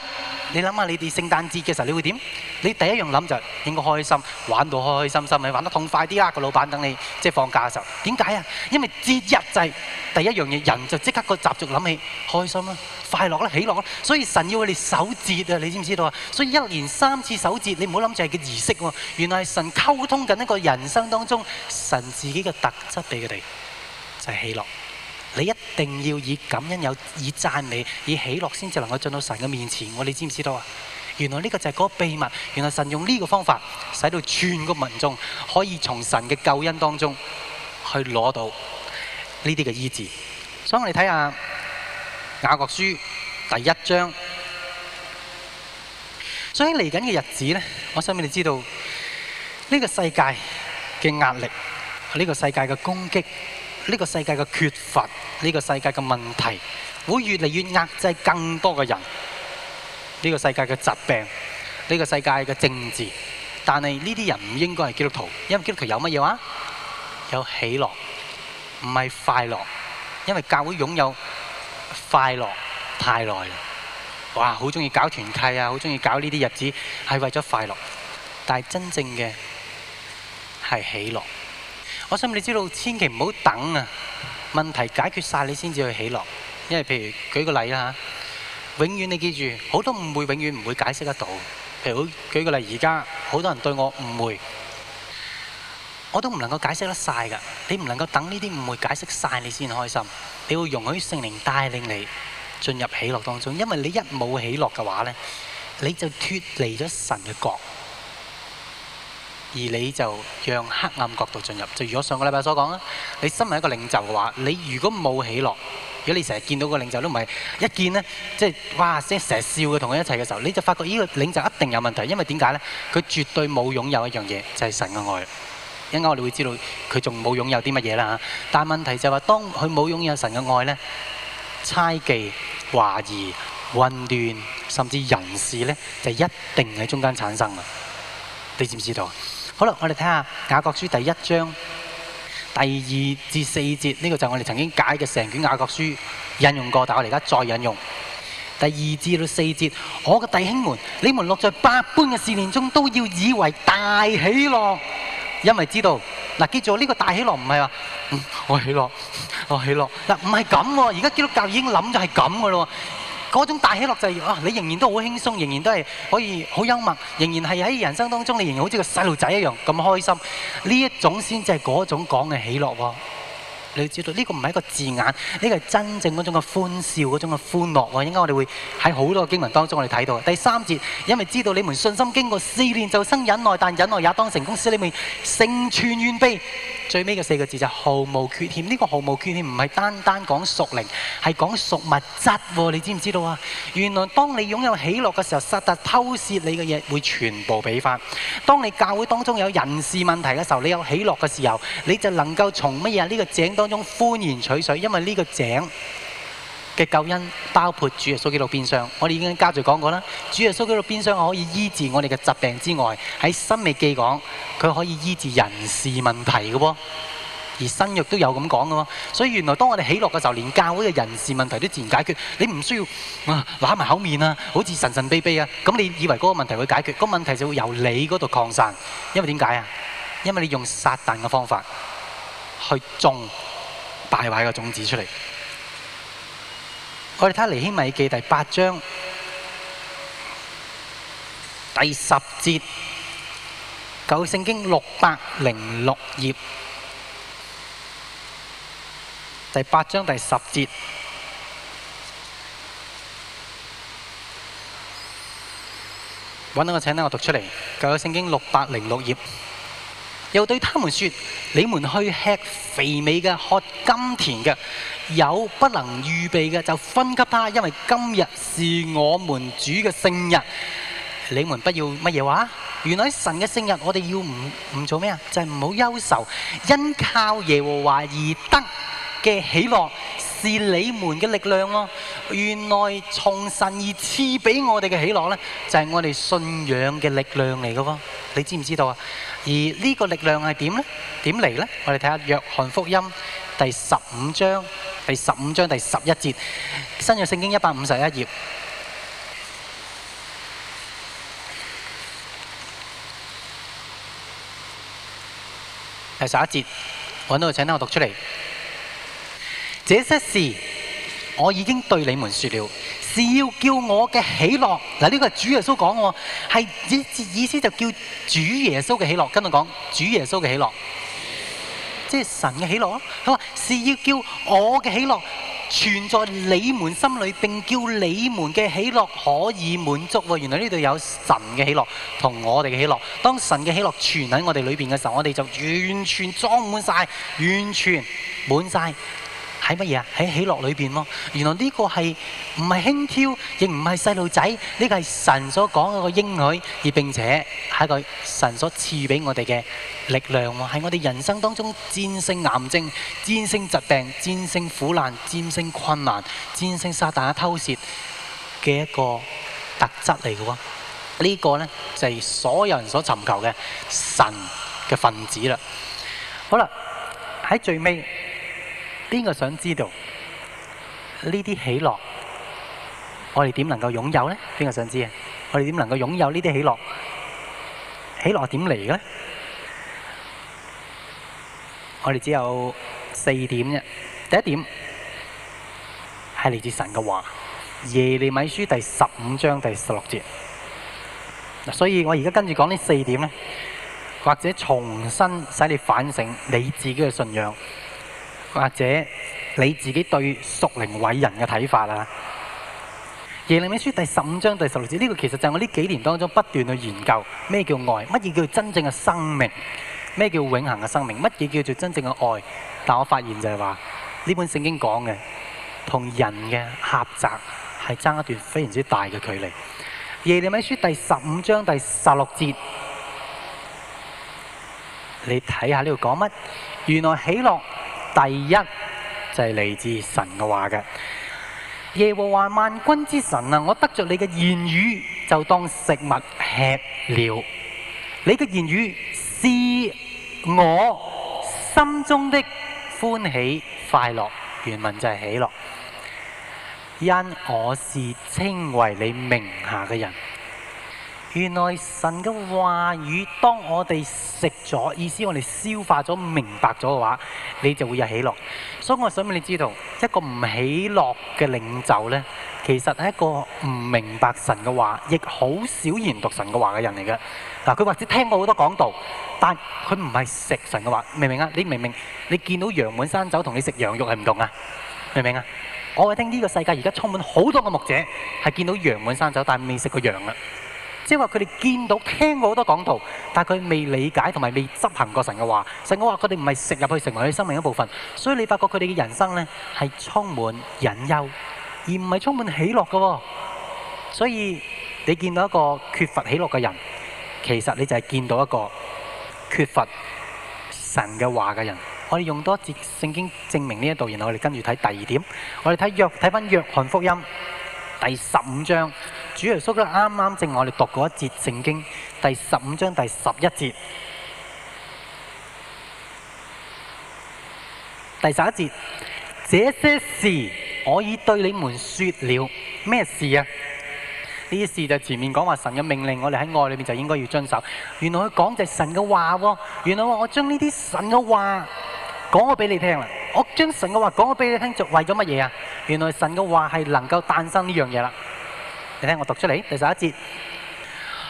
你諗下你哋聖誕節嘅時候，你會點？你第一樣諗就應該開心，玩到開開心心，你玩得痛快啲啦！個老闆等你即係放假嘅時候，點解啊？因為節日就係第一樣嘢，人就即刻個習俗諗起開心啦、快樂啦、喜樂啦，所以神要我哋守節啊，你知唔知道啊？所以一年三次守節，你唔好諗住係個儀式喎，原來係神溝通緊一個人生當中神自己嘅特質俾佢哋。就係喜樂，你一定要以感恩有以讚美，以喜樂先至能夠進到神嘅面前。我哋知唔知道啊？原來呢個就係嗰個秘密。原來神用呢個方法，使到全個民眾可以從神嘅救恩當中去攞到呢啲嘅醫治。所以我哋睇下雅各書第一章。所以嚟緊嘅日子呢，我想俾你知道，呢個世界嘅壓力，呢個世界嘅攻擊。呢個世界嘅缺乏，呢個世界嘅問題，會越嚟越壓制更多嘅人。呢個世界嘅疾病，呢個世界嘅政治，但係呢啲人唔應該係基督徒，因為基督徒有乜嘢話？有喜樂，唔係快樂。因為教會擁有快樂太耐啦，哇！好鍾意搞團契啊，好鍾意搞呢啲日子，係為咗快樂。但係真正嘅係喜樂。我想你知道，千祈唔好等啊！問題解決曬，你先至去喜樂。因為譬如舉個例啦，永遠你記住，好多誤會永遠唔會解釋得到。譬如舉個例，而家好多人對我誤會，我都唔能夠解釋得曬㗎。你唔能夠等呢啲誤會解釋曬，你先開心。你要容許聖靈帶領你進入喜樂當中，因為你一冇喜樂嘅話呢，你就脱離咗神嘅國。而你就讓黑暗角度進入，就如果上個禮拜所講啦。你身為一個領袖嘅話，你如果冇喜樂，如果你成日見到個領袖都唔係一見咧，即係哇即係成日笑嘅同佢一齊嘅時候，你就發覺呢個領袖一定有問題，因為點解咧？佢絕對冇擁有一樣嘢，就係神嘅愛。一陣間我哋會知道佢仲冇擁有啲乜嘢啦嚇。但係問題就係話，當佢冇擁有神嘅愛咧，猜忌、懷疑、混亂，甚至人事咧，就一定喺中間產生啊！你知唔知道？好啦，我哋睇下雅各書第一章第二至四節，呢個就係我哋曾經解嘅成卷雅各書引用過，但係我哋而家再引用第二至到四節。我嘅弟兄們，你們落在百般嘅試煉中，都要以為大喜樂，因為知道嗱。記住，呢個大喜樂唔係話我喜樂，我喜樂嗱，唔係咁喎。而家基督教已經諗就係咁嘅咯。嗰種大喜樂就係啊，你仍然都好輕鬆，仍然都係可以好幽默，仍然係喺人生當中，你仍然好似個細路仔一樣咁開心。呢一種先至係嗰種講嘅喜樂喎。你知道呢、這個唔係一個字眼，呢、這個係真正嗰種嘅歡笑，嗰種嘅歡樂喎。應該我哋會喺好多經文當中我看到，我哋睇到第三節，因為知道你們信心經過試煉，就生忍耐，但忍耐也當成功，使你們成全完備，最尾嘅四個字就是毫無缺欠。呢、這個毫無缺欠唔係單單講屬靈係講屬物質，你知唔知道啊？原來當你擁有喜樂嘅時候，撒但偷竊你嘅嘢會全部俾翻。當你教會當中有人事問題嘅時候，你有喜樂嘅時候，你就能夠從乜嘢呢個。井。當中歡然取水，因為呢個井嘅救恩包括主耶穌基督變相。我哋已經加聚講過啦，主耶穌基督變相可以醫治我哋嘅疾病之外，喺新美記講佢可以醫治人事問題嘅喎。而新約都有咁講嘅喎，所以原來當我哋喜樂嘅時候，連教會嘅人事問題都自然解決。你唔需要啊，攬、呃、埋口面啊，好似神神秘秘啊。咁你以為嗰個問題會解決？個問題就會由你嗰度擴散，因為點解啊？因為你用撒但嘅方法去種。敗壞個種子出嚟，我哋睇下《尼希米記》第八章第十節，舊聖經六百零六頁第八章第十節，搵到個請呢，我讀出嚟，舊聖經六百零六頁。又對他們説：你們去吃肥美嘅，喝甘甜嘅。有不能預備嘅，就分給他，因為今日是我們主嘅聖日。你們不要乜嘢話？原來神嘅聖日我們，我哋要唔唔做咩啊？就係唔好憂愁，因靠耶和華而得嘅喜樂。是你們嘅力量咯，原來從神而賜俾我哋嘅喜樂呢，就係我哋信仰嘅力量嚟嘅喎。你知唔知道啊？而呢個力量係點呢？點嚟呢？我哋睇下《約翰福音》第十五章第十五章第十一節，新約聖經一百五十一頁，係十一節，揾到請啱我讀出嚟。這些事，我已經對你們説了，是要叫我嘅喜樂嗱，呢、這個係主耶穌講喎，係意思就叫主耶穌嘅喜樂，跟住講主耶穌嘅喜樂，即係神嘅喜樂咯。佢話是要叫我嘅喜樂存在你們心裏，並叫你們嘅喜樂可以滿足。原來呢度有神嘅喜樂同我哋嘅喜樂，當神嘅喜樂存喺我哋裏邊嘅時候，我哋就完全裝滿晒，完全滿晒。喺乜嘢啊？喺喜樂裏邊咯。原來呢個係唔係輕佻，亦唔係細路仔，呢個係神所講嗰個應許，而並且係一個神所賜俾我哋嘅力量喎。喺我哋人生當中戰勝癌症、戰勝疾病、戰勝苦難、戰勝困難、戰勝撒旦嘅偷竊嘅一個特質嚟嘅喎。呢個呢，就係所有人所尋求嘅神嘅分子啦。好啦，喺最尾，邊個想知道呢啲喜樂？我哋點能夠擁有呢？邊個想知啊？我哋點能夠擁有呢啲喜樂？喜樂點嚟嘅咧？我哋只有四點啫。第一點係嚟自神嘅話，耶利米書第十五章第十六節。嗱，所以我而家跟住講呢四點咧，或者重新使你反省你自己嘅信仰。或者你自己對屬靈偉人嘅睇法啊？耶利米書第十五章第十六節，呢個其實就係我呢幾年當中不斷去研究咩叫愛，乜嘢叫做真正嘅生命，咩叫永恆嘅生命，乜嘢叫做真正嘅愛。但我發現就係話，呢本聖經講嘅同人嘅狹窄係爭一段非常之大嘅距離。耶利米書第十五章第十六節，你睇下呢度講乜？原來喜樂。第一就係、是、嚟自神嘅話嘅，耶和華萬軍之神啊，我得着你嘅言語就當食物吃了，你嘅言語是我心中的歡喜快樂，原文就係喜樂，因我是稱為你名下嘅人。原來神嘅話語，當我哋食咗，意思我哋消化咗、明白咗嘅話，你就會有喜樂。所以我想俾你知道，一個唔喜樂嘅領袖呢，其實係一個唔明白神嘅話，亦好少研讀神嘅話嘅人嚟嘅嗱。佢或者聽過好多講道，但佢唔係食神嘅話，明唔明啊？你明唔明？你見到羊滿山走同你食羊肉係唔同啊？明唔明啊？我係聽呢個世界而家充滿好多個牧者係見到羊滿山走，但未食過羊啊。即係話佢哋見到、聽過好多講道，但係佢未理解同埋未執行過神嘅話。神嘅話佢哋唔係食入去成為佢生命一部分，所以你發覺佢哋嘅人生呢係充滿隱憂，而唔係充滿喜樂嘅。所以你見到一個缺乏喜樂嘅人，其實你就係見到一個缺乏神嘅話嘅人。我哋用多一節聖經證明呢一度，然後我哋跟住睇第二點。我哋睇約睇翻約翰福音第十五章。主耶穌咧，啱啱正我哋讀過一節聖經，第十五章第十一節，第十一節，這些事我已對你們說了。咩事啊？呢啲事就前面講話神嘅命令，我哋喺愛裏面就應該要遵守。原來佢講就神嘅話，原來話我將呢啲神嘅話講咗俾你聽啦。我將神嘅話講咗俾你聽，就為咗乜嘢啊？原來神嘅話係能夠誕生呢樣嘢啦。你睇我讀出嚟，第十一節，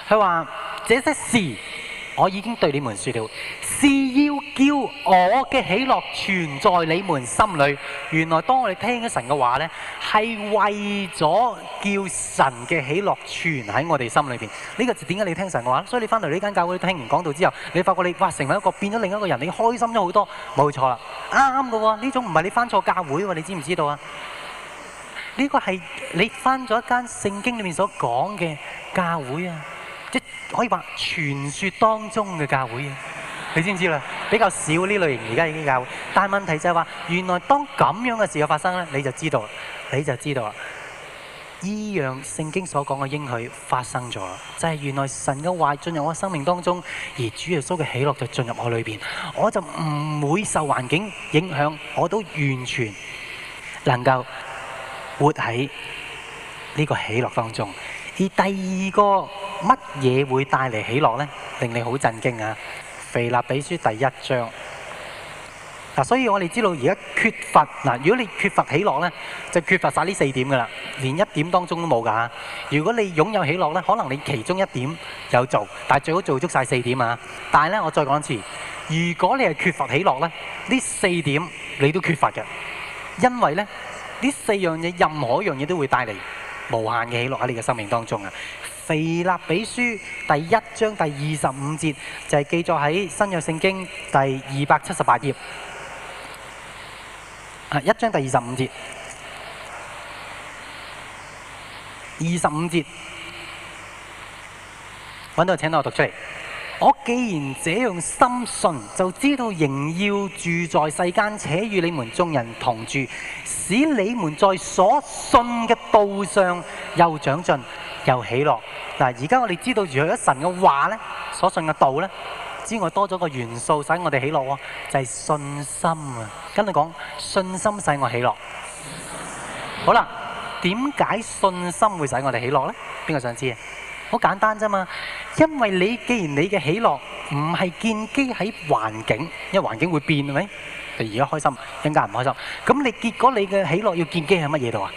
佢話，這些事我已經對你們說了，是要叫我嘅喜樂存在你們心裏。原來當我哋聽咗神嘅話呢，係為咗叫神嘅喜樂存喺我哋心裏邊。呢個就點解你聽神嘅話？所以你翻到呢間教會聽完講道之後，你發覺你哇成為一個變咗另一個人，你開心咗好多。冇錯啦，啱啱㗎喎，呢種唔係你翻錯教會喎，你知唔知道啊？呢個係你翻咗一間聖經裏面所講嘅教會啊，即可以話傳説當中嘅教會啊，你知唔知啦？比較少呢類型而家已經教會，但係問題就係話，原來當咁樣嘅事嘅發生咧，你就知道，你就知道啊！依樣聖經所講嘅應許發生咗，就係原來神嘅話進入我生命當中，而主耶穌嘅喜樂就進入我裏邊，我就唔會受環境影響，我都完全能夠。活喺呢個喜樂當中，而第二個乜嘢會帶嚟喜樂咧？令你好震驚啊！腓立比書第一章嗱，所以我哋知道而家缺乏嗱，如果你缺乏喜樂咧，就缺乏晒呢四點噶啦，連一點當中都冇噶。如果你擁有喜樂咧，可能你其中一點有做，但係最好做足晒四點啊！但係咧，我再講一次，如果你係缺乏喜樂咧，呢四點你都缺乏嘅，因為咧。呢四樣嘢，任何一樣嘢都會帶嚟無限嘅喜樂喺你嘅生命當中啊！腓立比書第一章第二十五節就係記載喺新約聖經第二百七十八頁啊，一章第二十五節，二十五節，揾到請我讀出嚟。我既然這樣深信，就知道仍要住在世間，且與你們眾人同住，使你們在所信嘅道上又長進又喜樂。嗱，而家我哋知道，如果神嘅話呢，所信嘅道呢，之外多咗個元素，使我哋喜樂喎，就係、是、信心啊！跟佢講，信心使我喜樂。好啦，點解信心會使我哋喜樂呢？邊個想知啊？好簡單啫嘛，因為你既然你嘅喜樂唔係建基喺環境，因為環境會變，係咪？你而家開心，一間唔開心，咁你結果你嘅喜樂要建基喺乜嘢度啊？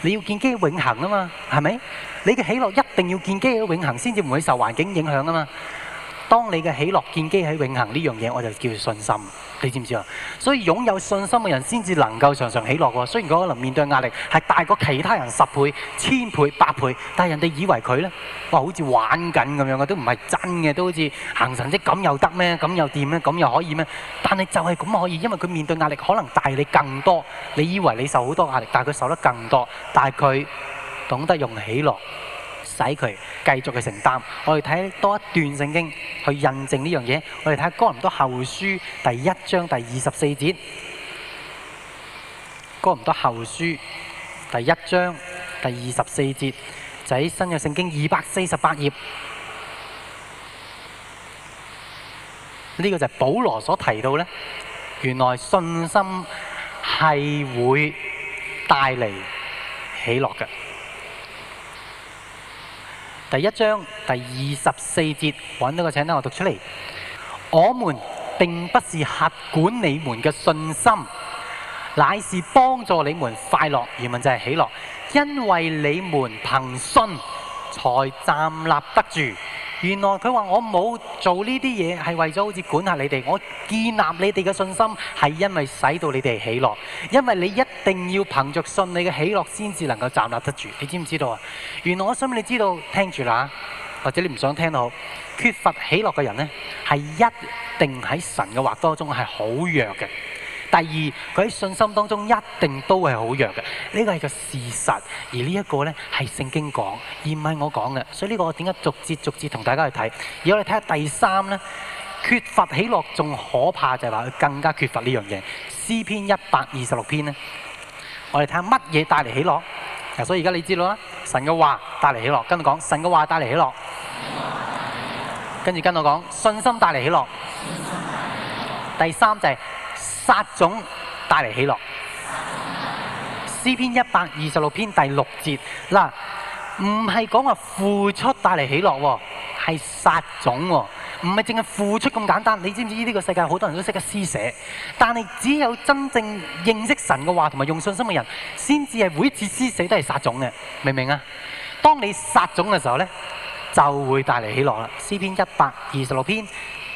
你要建基永恆啊嘛，係咪？你嘅喜樂一定要建基永恆先至唔會受環境影響啊嘛。當你嘅喜樂建基喺永恆呢樣嘢，我就叫信心。你知唔知啊？所以擁有信心嘅人先至能夠常常喜樂喎。雖然佢可能面對壓力係大過其他人十倍、千倍、百倍，但係人哋以為佢呢，哇好似玩緊咁樣嘅，都唔係真嘅，都好似行神跡咁又得咩？咁又掂咩？咁又可以咩？但係就係咁可以，因為佢面對壓力可能大你更多。你以為你受好多壓力，但係佢受得更多。但係佢懂得用喜樂。使佢繼續去承擔。我哋睇多一段聖經去印證呢樣嘢。我哋睇下哥林多後書第一章第二十四節。哥林多後書第一章第二十四節就喺新約聖經二百四十八頁。呢個就係保羅所提到呢，原來信心係會帶嚟喜樂嘅。第一章第二十四節揾到個，請等我讀出嚟。我們並不是轄管你們嘅信心，乃是幫助你們快樂，原文就係喜樂，因為你們憑信才站立得住。原來佢話我冇做呢啲嘢係為咗好似管下你哋，我建立你哋嘅信心係因為使到你哋喜樂，因為你一定要憑着信你嘅喜樂先至能夠站立得住，你知唔知道啊？原來我想俾你知道，聽住啦，或者你唔想聽到，缺乏喜樂嘅人呢，係一定喺神嘅話多中係好弱嘅。第二，佢喺信心當中一定都係好弱嘅，呢個係個事實，而呢一個呢係聖經講，而唔係我講嘅，所以呢個我點解逐節逐節同大家去睇。而我哋睇下第三呢，缺乏喜樂仲可怕，就係話佢更加缺乏呢樣嘢。詩篇一百二十六篇呢，我哋睇下乜嘢帶嚟喜樂。所以而家你知道啦，神嘅話帶嚟喜樂，跟住講，神嘅話帶嚟喜樂，跟住跟我講信心帶嚟喜樂。第三就係，是。撒種帶嚟喜樂。詩篇一百二十六篇第六節，嗱，唔係講話付出帶嚟喜樂，係撒種，唔係淨係付出咁簡單。你知唔知呢個世界好多人都識得施捨，但係只有真正認識神嘅話，同埋用信心嘅人，先至係每一次施捨都係撒種嘅，明唔明啊？當你撒種嘅時候呢，就會帶嚟喜樂啦。詩篇一百二十六篇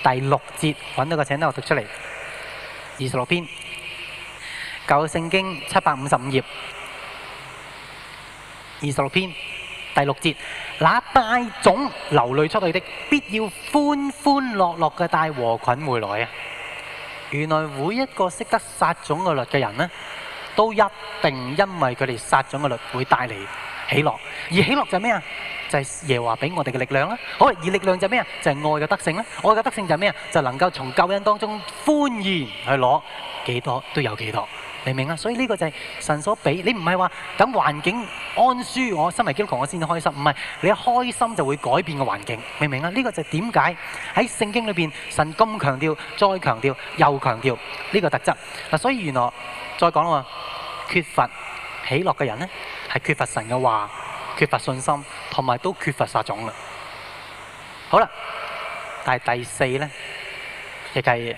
第六節，揾到個請單我讀出嚟。二十六篇，舊聖經七百五十五頁，二十六篇第六節，那帶種流淚出去的，必要歡歡樂樂嘅帶禾捆回來啊！原來每一個識得撒種嘅律嘅人咧，都一定因為佢哋撒種嘅律會帶嚟喜樂，而喜樂就係咩啊？就係耶華俾我哋嘅力量啦。好，而力量就咩啊？就係愛嘅德性啦。愛嘅德性就咩啊？就能夠從救恩當中歡然去攞，幾多都有幾多，明唔明啊？所以呢個就係神所俾，你唔係話等環境安舒，我身為基督徒我先至開心。唔係，你一開心就會改變個環境，明唔明啊？呢個就係點解喺聖經裏邊神咁強調、再強調、又強調呢個特質嗱。所以原來再講啦嘛，缺乏。喜樂嘅人呢，係缺乏神嘅話，缺乏信心，同埋都缺乏撒種啦。好啦，但係第四呢，亦係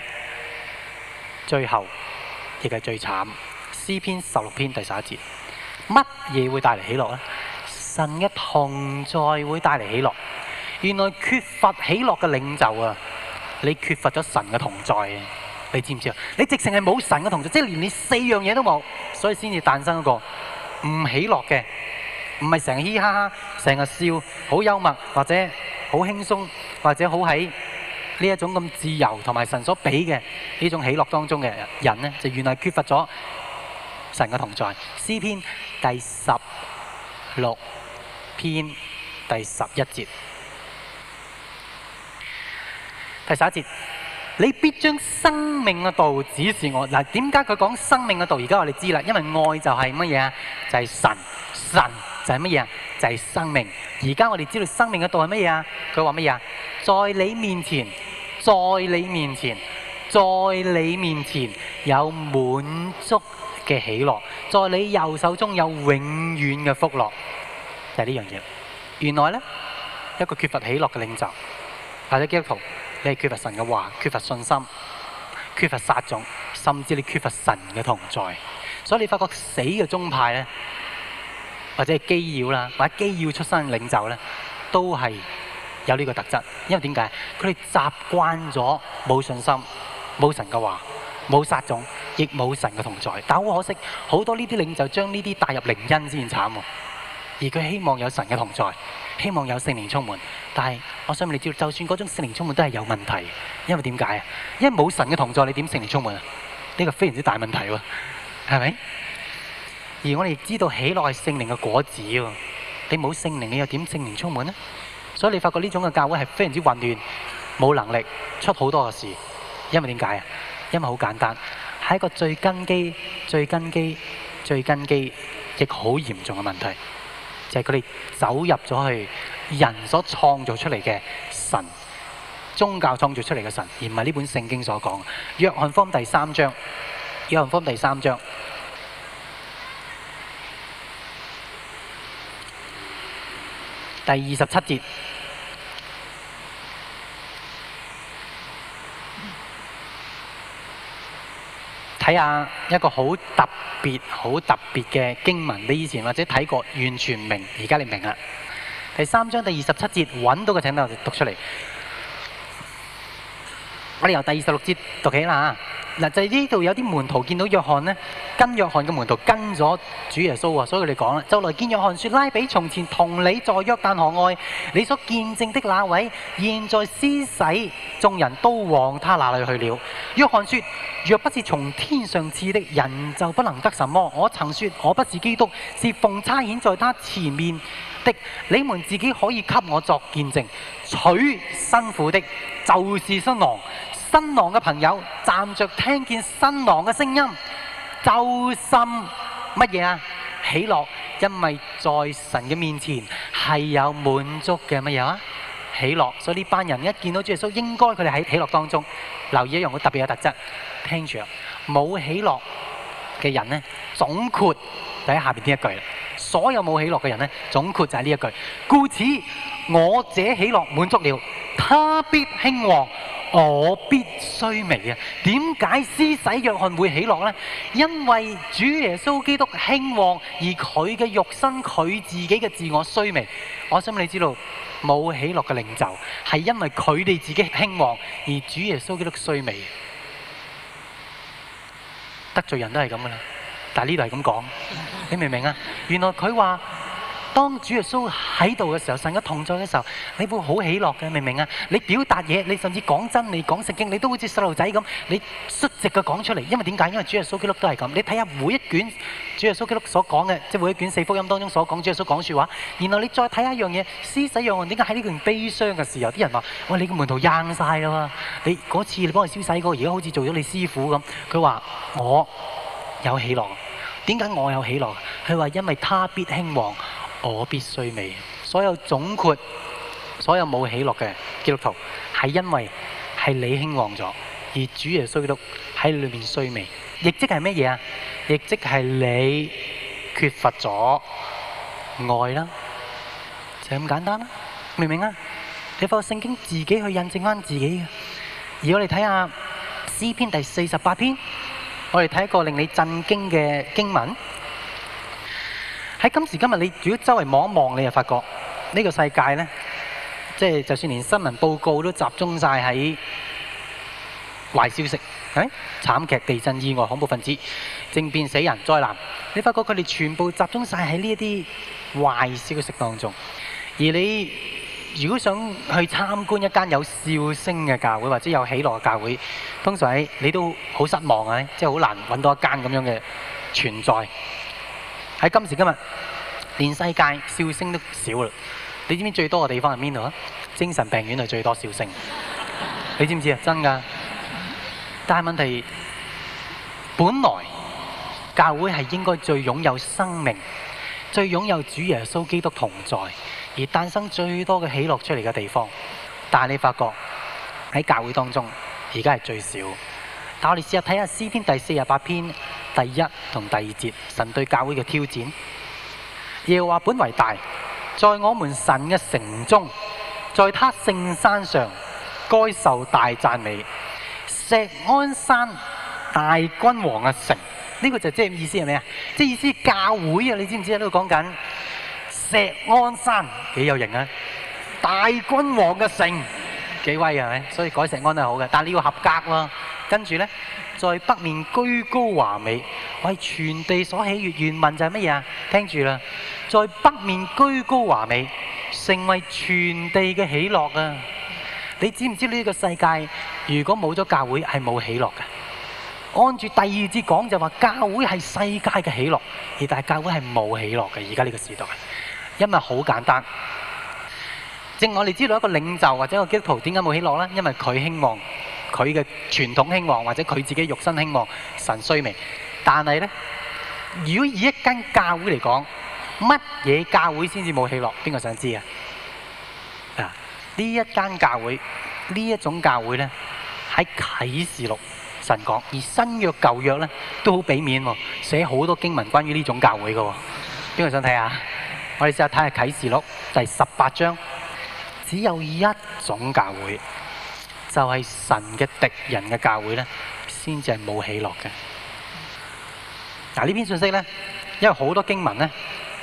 最後，亦係最慘。詩篇十六篇第十一節，乜嘢會帶嚟喜樂呢？神嘅同在會帶嚟喜樂。原來缺乏喜樂嘅領袖啊，你缺乏咗神嘅同在，啊。你知唔知啊？你直情係冇神嘅同在，即係連你四樣嘢都冇，所以先至誕生嗰個。唔喜樂嘅，唔係成日嘻嘻哈哈，成日笑，好幽默或者好輕鬆或者好喺呢一種咁自由同埋神所俾嘅呢種喜樂當中嘅人咧，就原來缺乏咗神嘅同在。詩篇第十六篇第十一節，第十一節。你必將生命嘅道指示我嗱，點解佢講生命嘅道？而家我哋知啦，因為愛就係乜嘢啊？就係神，神就係乜嘢啊？就係生命。而家我哋知道生命嘅道係乜嘢啊？佢話乜嘢啊？在你面前，在你面前，在你面前，你面前有滿足嘅喜樂，在你右手中有永遠嘅福樂，就係呢樣嘢。原來呢，一個缺乏喜樂嘅領袖，大家基督徒。你缺乏神嘅話，缺乏信心，缺乏殺種，甚至你缺乏神嘅同在。所以你發覺死嘅宗派咧，或者係基要啦，或者基要出身嘅領袖咧，都係有呢個特質。因為點解？佢哋習慣咗冇信心，冇神嘅話，冇殺種，亦冇神嘅同在。但好可惜，好多呢啲領袖將呢啲帶入靈恩先慘喎。而佢希望有神嘅同在。希望有聖靈充滿，但係我想問你知道，就算嗰種聖靈充滿都係有問題，因為點解啊？因為冇神嘅同在，你點聖靈充滿啊？呢個非常之大問題喎，係咪？而我哋知道喜樂係聖靈嘅果子喎，你冇聖靈，你又點聖靈充滿呢？所以你發覺呢種嘅教會係非常之混亂，冇能力出好多嘅事，因為點解啊？因為好簡單，係一個最根基、最根基、最根基，亦好嚴重嘅問題。就係佢哋走入咗去人所創造出嚟嘅神，宗教創造出嚟嘅神，而唔係呢本聖經所講。約翰福音第三章，約翰福音第三章第二十七節。睇下一個好特別、好特別嘅經文，你以前或者睇過，完全唔明，而家你明啦。第三章第二十七節，揾到嘅請啦，我哋讀出嚟。我哋由第二十六節讀起啦，嗱，就係呢度有啲門徒見到約翰呢，跟約翰嘅門徒跟咗主耶穌啊，所以佢哋講啦，就來見約翰說：拉比從前同你在約旦河外，你所見證的那位，現在施洗眾人都往他那裏去了。約翰說：若不是從天上賜的人，人就不能得什麼。我曾說我不是基督，是奉差遣在他前面。的，你們自己可以給我作見證。娶新婦的，就是新郎。新郎嘅朋友站着聽見新郎嘅聲音，就心乜嘢啊？喜樂，因為在神嘅面前係有滿足嘅乜嘢啊？喜樂。所以呢班人一見到主耶穌，應該佢哋喺喜樂當中。留意一樣好特別嘅特質，聽住啊！冇喜樂嘅人呢，總括就喺下邊呢一句。所有冇喜樂嘅人咧，總括就係呢一句。故此，我者喜樂滿足了，他必興旺，我必衰微啊！點解施洗約翰會喜樂咧？因為主耶穌基督興旺，而佢嘅肉身佢自己嘅自我衰微。我想你知道冇喜樂嘅靈就係因為佢哋自己興旺，而主耶穌基督衰微。得罪人都係咁噶啦，但係呢度係咁講。你明唔明啊？原來佢話：當主耶穌喺度嘅時候，神嘅同在嘅時候，你會好喜樂嘅。明唔明啊？你表達嘢，你甚至講真你講聖經，你都好似細路仔咁，你率直嘅講出嚟。因為點解？因為主耶穌基督都係咁。你睇下每一卷主耶穌基督所講嘅，即係每一卷四福音當中所講主耶穌講説話。然後你再睇下一樣嘢，施洗約翰點解喺呢段悲傷嘅時候，啲人話：哇！你嘅門徒掙晒啦喎！你嗰次你幫佢施洗過，而家好似做咗你師傅咁。佢話：我有喜樂。點解我有喜樂？佢話，因為祂必興旺，我必衰微。所有總括，所有冇喜樂嘅基督徒，係因為係你興旺咗，而主耶穌喺裏面衰微。亦即係乜嘢啊？亦即係你缺乏咗愛啦，就咁簡單啦。明唔明啊？你睇翻聖經自己去印證翻自己嘅。而我哋睇下詩篇第四十八篇。我哋睇一個令你震驚嘅經文，喺今時今日，你只要周圍望一望，你就發覺呢個世界呢，即係就算連新聞報告都集中曬喺壞消息，唉，慘劇、地震、意外、恐怖分子、政變、死人、災難，你發覺佢哋全部集中曬喺呢一啲壞消息當中，而你，如果想去參觀一間有笑聲嘅教會，或者有喜樂嘅教會，通常喺你都好失望啊！即係好難揾到一間咁樣嘅存在。喺今時今日，連世界笑聲都少啦。你知唔知最多嘅地方係邊度啊？精神病院係最多笑聲。你知唔知啊？真㗎。但係問題，本來教會係應該最擁有生命，最擁有主耶穌基督同在。而誕生最多嘅喜樂出嚟嘅地方，但係你發覺喺教會當中，而家係最少。但我哋試下睇下詩篇第四十八篇第一同第二節，神對教會嘅挑戰。耶和華本為大，在我們神嘅城中，在祂聖山上，該受大讚美。錫安山大君王嘅城，呢個就即係意思係咩啊？即係意思是教會啊！你知唔知啊？喺度講緊。錫安山幾有型啊！大君王嘅城幾威係咪？所以改錫安都好嘅，但係你要合格喎。跟住咧，在北面居高華美，為全地所喜悅。原文就係乜嘢啊？聽住啦，在北面居高華美，成為全地嘅喜樂啊！你知唔知呢個世界如果冇咗教會係冇喜樂嘅？按住第二節講就話教會係世界嘅喜樂，而但係教會係冇喜樂嘅。而家呢個時代。因為好簡單，正我哋知道一個領袖或者一個基督徒點解冇喜樂咧？因為佢興旺，佢嘅傳統興旺，或者佢自己肉身興旺，神衰微。但係咧，如果以一間教會嚟講，乜嘢教會先至冇喜樂？邊個想知啊？啊！呢一間教會，呢一種教會咧，喺啟示錄神講，而新約舊約咧都好俾面喎，寫好多經文關於呢種教會嘅。邊個想睇下？我哋試下睇下啟示錄第十八章，只有一種教會，就係、是、神嘅敵人嘅教會呢先至係冇喜樂嘅。嗱、啊、呢篇信息呢，因為好多經文呢，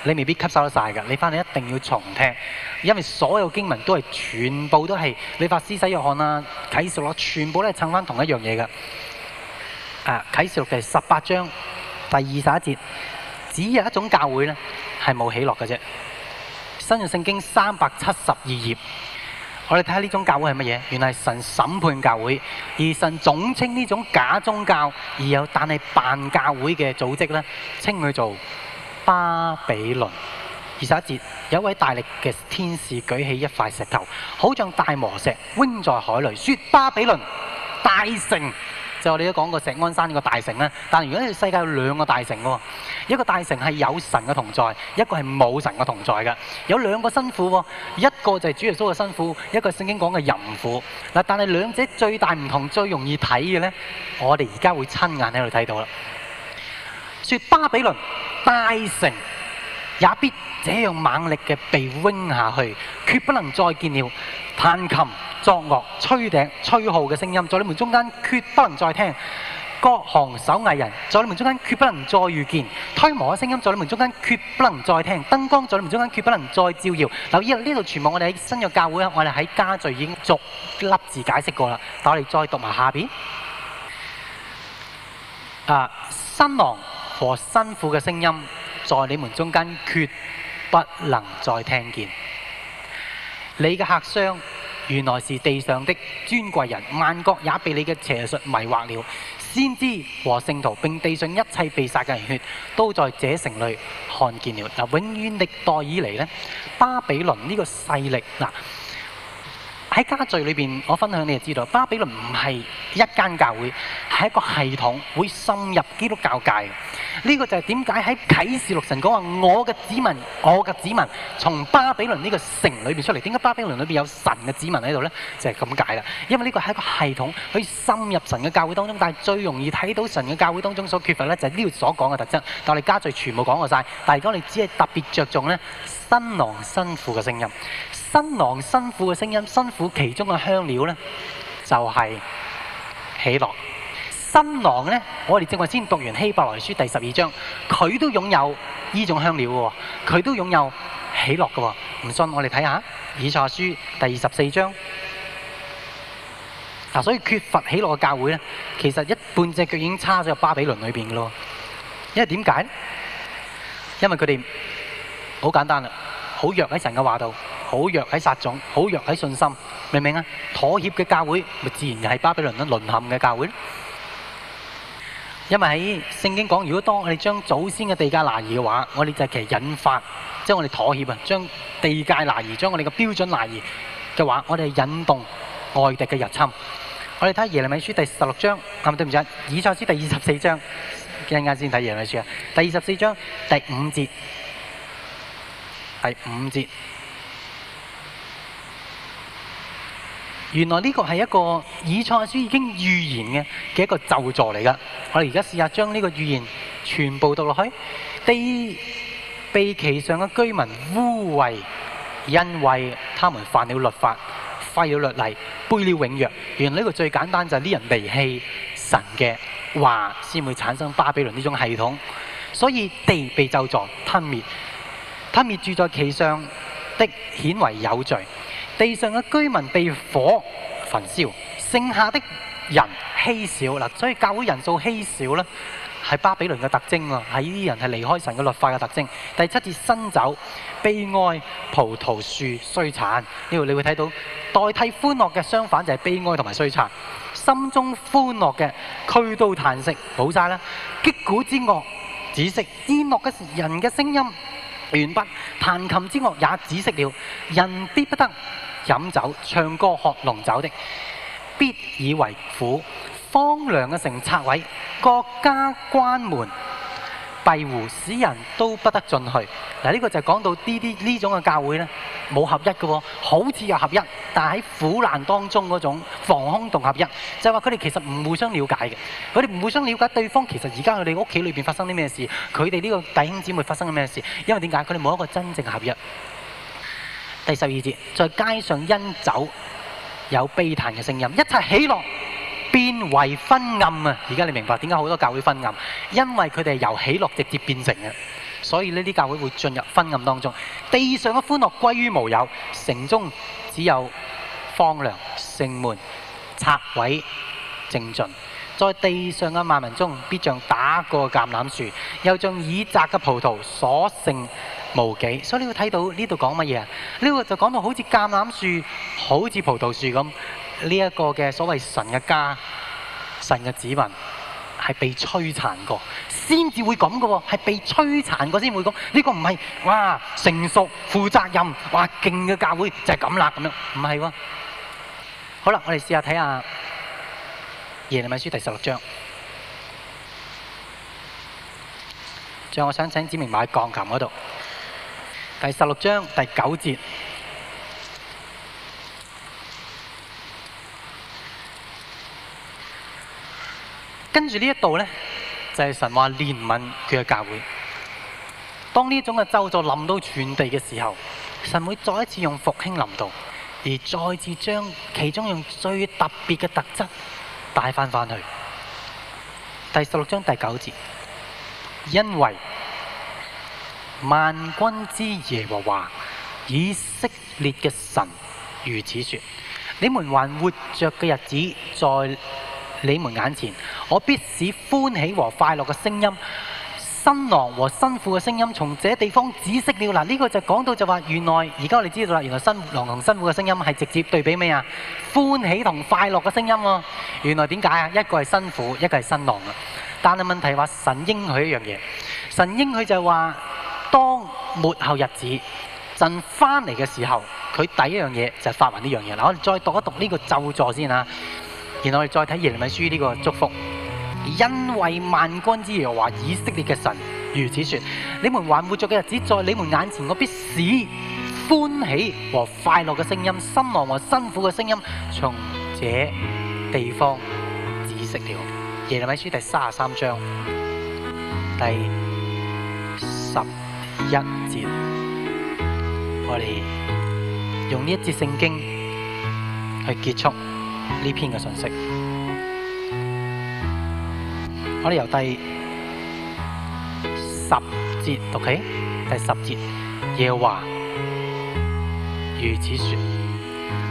你未必吸收得晒噶，你翻嚟一定要重聽，因為所有經文都係全部都係你法師西約翰啊、啟示錄全部都係，趁翻同一樣嘢嘅。啊，啟示錄嘅十八章第二十一節。只有一種教會呢，係冇起落嘅啫。新約聖經三百七十二頁，我哋睇下呢種教會係乜嘢？原嚟係神審判教會，而神總稱呢種假宗教，而有但係辦教會嘅組織呢，稱佢做巴比倫。二十一節，有位大力嘅天使舉起一塊石頭，好像大磨石，扔在海裏，說：「巴比倫，大城！就我哋都講過錫安山呢個大城咧，但係如果你世界有兩個大城喎，一個大城係有神嘅同在，一個係冇神嘅同在嘅，有兩個新婦喎，一個就係主耶穌嘅新婦，一個係聖經講嘅淫婦。嗱，但係兩者最大唔同最容易睇嘅呢，我哋而家會親眼喺度睇到啦，説巴比倫大城。也必這樣猛力嘅被扔下去，決不能再見了。彈琴、作樂、吹笛、吹號嘅聲音，在你們中間決不能再聽。各行手藝人，在你們中間決不能再遇見。推磨嘅聲音，在你們中間決不能再聽。燈光在你們中間決不能再照耀。留意呢度全部我哋喺新約教會，我哋喺家註已經逐粒字解釋過啦。但我哋再讀埋下邊。啊，新郎和新婦嘅聲音。在你們中間，決不能再聽見。你嘅客商原來是地上的尊貴人，萬國也被你嘅邪術迷惑了。先知和聖徒並地上一切被殺嘅人血，都在這城裏看見了。嗱，永遠歷代以嚟呢巴比倫呢個勢力嗱。喺家聚裏邊，我分享你就知道巴比倫唔係一間教會，係一,、這個就是、一個系統，會深入基督教界嘅。呢個就係點解喺啟示錄神講話我嘅子民，我嘅子民從巴比倫呢個城裏邊出嚟。點解巴比倫裏邊有神嘅子民喺度呢？」就係咁解啦。因為呢個係一個系統，可以深入神嘅教會當中。但係最容易睇到神嘅教會當中所缺乏呢，就係呢度所講嘅特質。但係家聚全部講過晒，但係當你只係特別着重呢新郎新婦嘅聲音。新郎新婦嘅聲音，新婦其中嘅香料呢，就係喜樂。新郎呢，我哋正話先讀完希伯來書第十二章，佢都擁有呢種香料嘅，佢都擁有喜樂嘅。唔信我哋睇下以賽亞書第二十四章。嗱，所以缺乏喜樂嘅教會呢，其實一半隻腳已經叉咗入巴比倫裏邊嘅咯。因為點解？因為佢哋好簡單啦。好弱喺神嘅話度，好弱喺撒種，好弱喺信心，明唔明啊？妥協嘅教會，咪自然係巴比倫啦，淪陷嘅教會。因為喺聖經講，如果當我哋將祖先嘅地界挪移嘅話，我哋就其實引發即係我哋妥協啊，將地界挪移，將我哋嘅標準挪移嘅話，我哋引動外敵嘅入侵。我哋睇耶利米書第十六章，啱唔啱？對唔住啊，以賽亞書第二十四章，陣間先睇耶利米書啊，第二十四章第五節。第五節，原來呢個係一個以賽亞書已經預言嘅嘅一個咒詛嚟㗎。我哋而家試下將呢個預言全部讀落去。地被其上嘅居民污穢，因為他們犯了律法，廢了律例，背了永約。原來呢個最簡單就係啲人離棄神嘅話，先會產生巴比倫呢種系統。所以地被咒詛吞滅。吞滅住在其上的，顯為有罪。地上嘅居民被火焚燒，剩下的人稀少。嗱，所以教會人數稀少呢，係巴比倫嘅特徵啊！係呢啲人係離開神嘅律法嘅特徵。第七節，新酒悲哀，葡萄樹衰殘。呢度你會睇到代替歡樂嘅，相反就係悲哀同埋衰殘。心中歡樂嘅，俱都嘆息，冇晒啦。擊鼓之樂，止息，宴樂嘅人嘅聲音。完畢，彈琴之樂也止息了。人必不得飲酒、唱歌、喝濃酒的，必以為苦。荒涼嘅城拆毀，各家關門，閉戶使人都不得進去。嗱，呢個就係講到呢啲呢種嘅教會呢，冇合一嘅喎，好似有合一，但係喺苦難當中嗰種防空洞合一，就係話佢哋其實唔互相了解嘅，佢哋唔互相了解對方。其實而家佢哋屋企裏邊發生啲咩事，佢哋呢個弟兄姊妹發生咗咩事？因為點解佢哋冇一個真正合一？第十二節，在街上因酒有悲嘆嘅聲音，一齊喜樂，變為昏暗啊！而家你明白點解好多教會昏暗？因為佢哋由喜樂直接變成嘅，所以呢啲教會會進入昏暗當中。地上嘅歡樂歸於無有，城中只有荒涼，城門拆毀，淨盡。在地上嘅萬民中，必像打過橄欖樹，又像已摘嘅葡萄，所剩無幾。所以你要睇到呢度講乜嘢啊？呢個就講到好似橄欖樹，好似葡萄樹咁。呢一個嘅所謂神嘅家，神嘅子民係被摧殘過，先至會咁嘅喎。係被摧殘過先會咁。呢個唔係哇成熟、負責任、哇勁嘅教會就係咁啦，咁樣，唔係喎。好啦，我哋試下睇下耶利米書第十六章。最後，我想請子明埋鋼琴嗰度。第十六章第九節。跟住呢一度呢，就係、是、神話憐憫佢嘅教會。當呢種嘅咒詛臨到全地嘅時候，神會再一次用復興臨到，而再次將其中用最特別嘅特質帶翻翻去。第十六章第九節，因為萬軍之耶和華以色列嘅神如此說：你們還活着嘅日子在你們眼前，我必使歡喜和快樂嘅聲音，新郎和新婦嘅聲音，從這地方止息了。嗱，呢個就講到就話，原來而家我哋知道啦，原來新郎同新婦嘅聲音係直接對比咩啊？歡喜同快樂嘅聲音喎。原來點解啊？一個係辛苦，一個係新郎啊。但係問題話，神應許一樣嘢，神應許就係話，當末後日子神翻嚟嘅時候，佢第一樣嘢就係發埋呢樣嘢。嗱，我哋再讀一讀呢個咒助先啊。然後我哋再睇耶利米書呢個祝福，因為萬軍之耶和華以色列嘅神如此說：你們還活着嘅日子，在你們眼前我必使歡喜和快樂嘅聲音、新郎和新婦嘅聲音，從這地方止息了。耶利米書第三十三章第十一節，我哋用呢一節聖經去結束。呢篇嘅信息，我哋由第十節讀起。Okay? 第十節，耶和華如此說：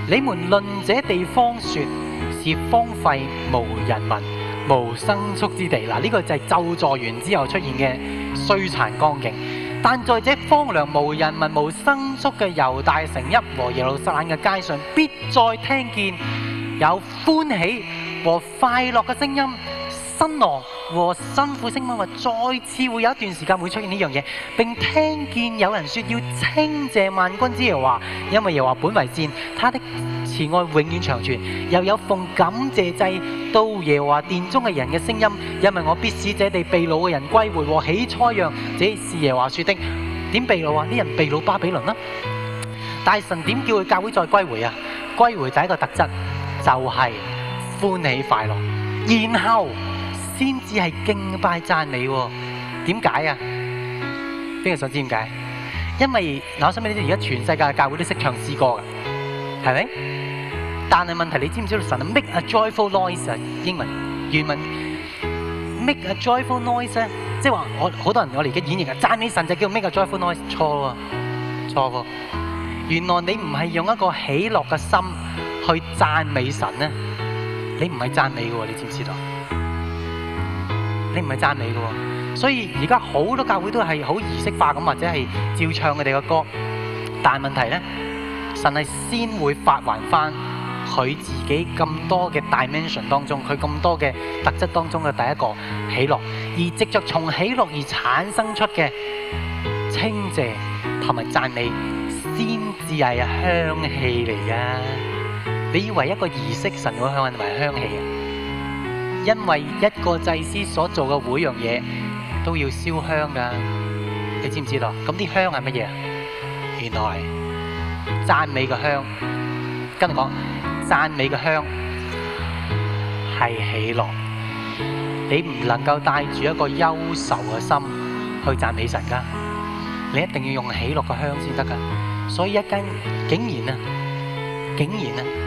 你們論這地方說，是荒廢無人民、無牲畜之地。嗱，呢個就係咒詛完之後出現嘅衰殘光景。但在這荒涼無人民、無牲畜嘅猶大城邑和耶路撒冷嘅街上，必再聽見。有歡喜和快樂嘅聲音，新郎和辛苦聲音，話再次會有一段時間會出現呢樣嘢。並聽見有人說，要稱謝萬軍之耶和華，因為耶和華本為善，他的慈愛永遠長存。又有奉感謝祭到耶和華殿中嘅人嘅聲音，因為我必使這地被擄嘅人歸回和起初一樣，這是耶和華說的。點被擄啊？啲人被擄巴比倫啦。但係神點叫佢教會再歸回啊？歸回就係一個特質，就係歡喜快樂，然後先至係敬拜讚美。點解啊？邊個想知點解？因為我想問你哋，而家全世界嘅教會都識唱詩歌嘅，係咪？但係問題，你知唔知道神 make a joyful noise 啊？英文原文 make a joyful noise 咧，即係話我好多人我嚟講演繹嘅讚美神就叫 make a joyful noise，錯喎，錯喎。原來你唔係用一個喜樂嘅心。去讚美神呢？你唔係讚美嘅喎，你知唔知道？你唔係讚美嘅喎，所以而家好多教會都係好儀式化咁，或者係照唱佢哋嘅歌。但係問題呢，神係先會發還翻佢自己咁多嘅 dimension 當中，佢咁多嘅特質當中嘅第一個喜樂，而藉著從喜樂而產生出嘅稱謝同埋讚美，先至係香氣嚟啊！你以為一個儀式神會香，還是香氣啊？因為一個祭司所做嘅每樣嘢都要燒香㗎，你知唔知道？咁啲香係乜嘢啊？原來讚美嘅香，跟住講讚美嘅香係喜樂。你唔能夠帶住一個憂愁嘅心去讚美神㗎，你一定要用喜樂嘅香先得㗎。所以一間竟然啊，竟然啊！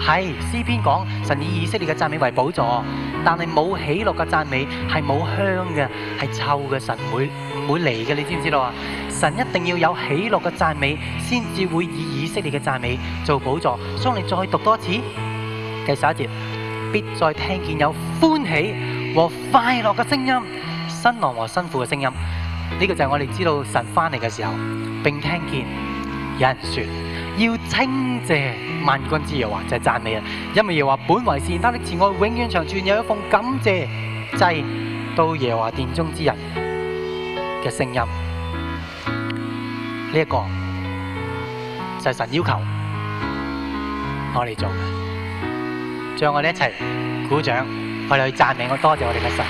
係詩篇講，神以以色列嘅讚美為寶座，但係冇喜樂嘅讚美係冇香嘅，係臭嘅，神會唔會嚟嘅，你知唔知道啊？神一定要有喜樂嘅讚美，先至會以以色列嘅讚美做寶座。所以你再讀多次，第十一節，必再聽見有歡喜和快樂嘅聲音，新郎和新婦嘅聲音。呢個就係我哋知道神翻嚟嘅時候，並聽見有人說。要稱謝萬軍之耶華，就係讚美啊！因為耶華本為善，他的慈愛永遠長存，有一份感謝祭到耶華殿中之人嘅聲音。呢一個就係神要求我哋做嘅，將我哋一齊鼓掌，我哋去讚美，我多謝我哋嘅神。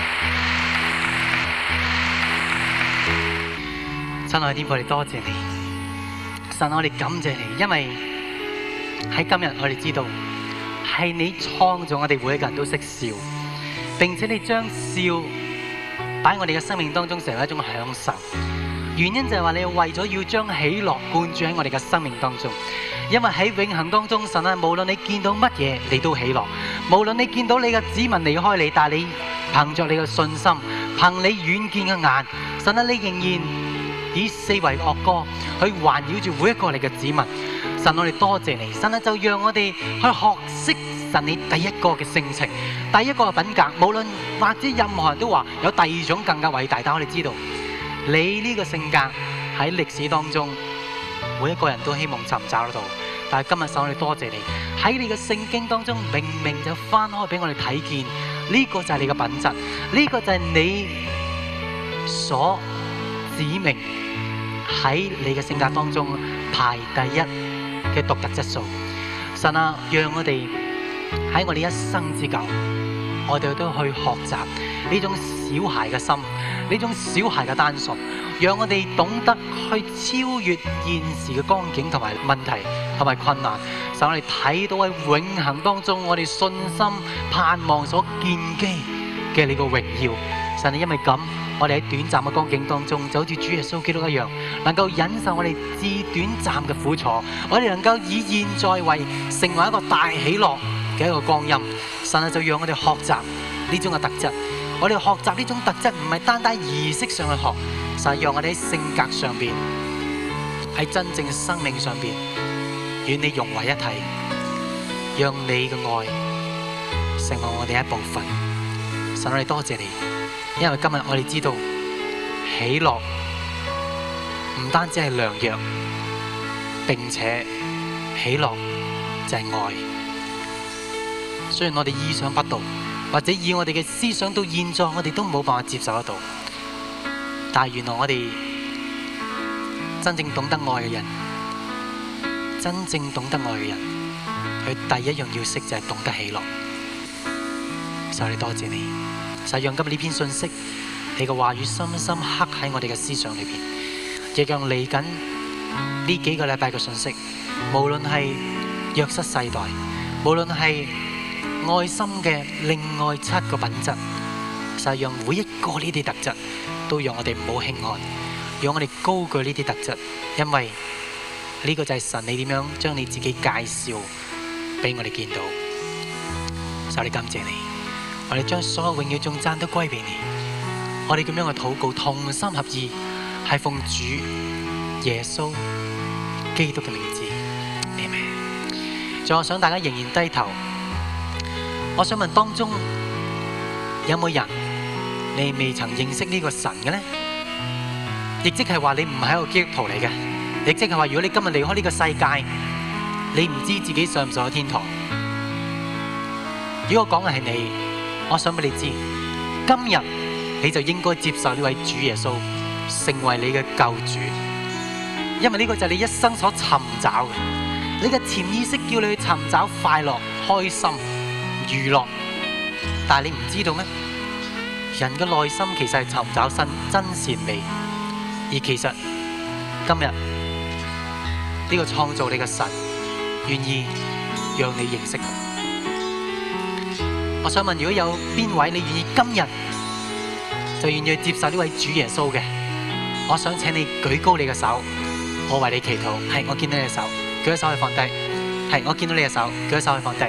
親愛的天父，我哋多謝你。神啊，我哋感謝你，因為喺今日我哋知道係你創造我哋每一個人都識笑，並且你將笑擺我哋嘅生命當中，成為一種享受。原因就係話你為咗要將喜樂灌注喺我哋嘅生命當中，因為喺永恒當中，神啊，無論你見到乜嘢你都喜樂，無論你見到你嘅子民離開你，但係你憑着你嘅信心，憑你遠見嘅眼，神啊，你仍然。以四位樂歌去環繞住每一個你嘅子民，神，我哋多謝，謝你，神啊，就讓我哋去學識神你第一個嘅性情，第一個品格，無論或者任何人都話有第二種更加偉大，但我哋知道你呢個性格喺歷史當中每一個人都希望尋找得到，但係今日神，我哋多謝，謝你喺你嘅聖經當中明明就翻開俾我哋睇見呢、這個就係你嘅品質，呢、這個就係你所使命喺你嘅性格當中排第一嘅獨特質素，神啊，讓我哋喺我哋一生之久，我哋都去學習呢種小孩嘅心，呢種小孩嘅單純，讓我哋懂得去超越現時嘅光景同埋問題同埋困難，使我哋睇到喺永恒當中，我哋信心盼望所建基嘅你個榮耀。神啊，因為咁，我哋喺短暫嘅光景當中，就好似主耶穌基督一樣，能夠忍受我哋至短暫嘅苦楚，我哋能夠以現在為成為一個大喜樂嘅一個光陰。神啊，就讓我哋學習呢種嘅特質，我哋學習呢種特質唔係單單儀式上去學，神啊，讓我哋喺性格上邊，喺真正嘅生命上邊與你融為一體，讓你嘅愛成為我哋一部分。神，我哋多謝你。因為今日我哋知道喜樂唔單止係良藥，並且喜樂就係愛。雖然我哋意想不到，或者以我哋嘅思想，到現在我哋都冇辦法接受得到。但係原來我哋真正懂得愛嘅人，真正懂得愛嘅人，佢第一樣要識就係懂得喜樂。所以多謝你。就讓今日呢篇信息，你嘅話語深深刻喺我哋嘅思想裏邊，亦讓嚟緊呢幾個禮拜嘅信息，無論係約瑟世代，無論係愛心嘅另外七個品質，就係讓每一個呢啲特質，都讓我哋唔好輕看，讓我哋高舉呢啲特質，因為呢個就係神你點樣將你自己介紹俾我哋見到。受你感謝你。我哋將所有永遠頌讚都歸畀你。我哋噉樣嘅禱告，同心合意，係奉主耶穌基督嘅名字，阿門。仲有想大家仍然低頭。我想問當中有冇有人你未曾認識呢個神嘅呢？亦即係話你唔係一個基督徒嚟嘅。亦即係話如果你今日離開呢個世界，你唔知自己上唔上天堂。如果我講嘅係你。我想俾你知，今日你就應該接受呢位主耶穌，成為你嘅救主，因為呢個就係你一生所尋找嘅。你嘅潛意識叫你去尋找快樂、開心、娛樂，但係你唔知道咩？人嘅內心其實係尋找真善美，而其實今日呢，這個創造你嘅神願意讓你認識佢。我想問，如果有邊位你願意今日就願意接受呢位主耶穌嘅，我想請你舉高你嘅手，我為你祈禱，係我見到你嘅手，舉咗手可以放低，係我見到你嘅手，舉咗手可以放低。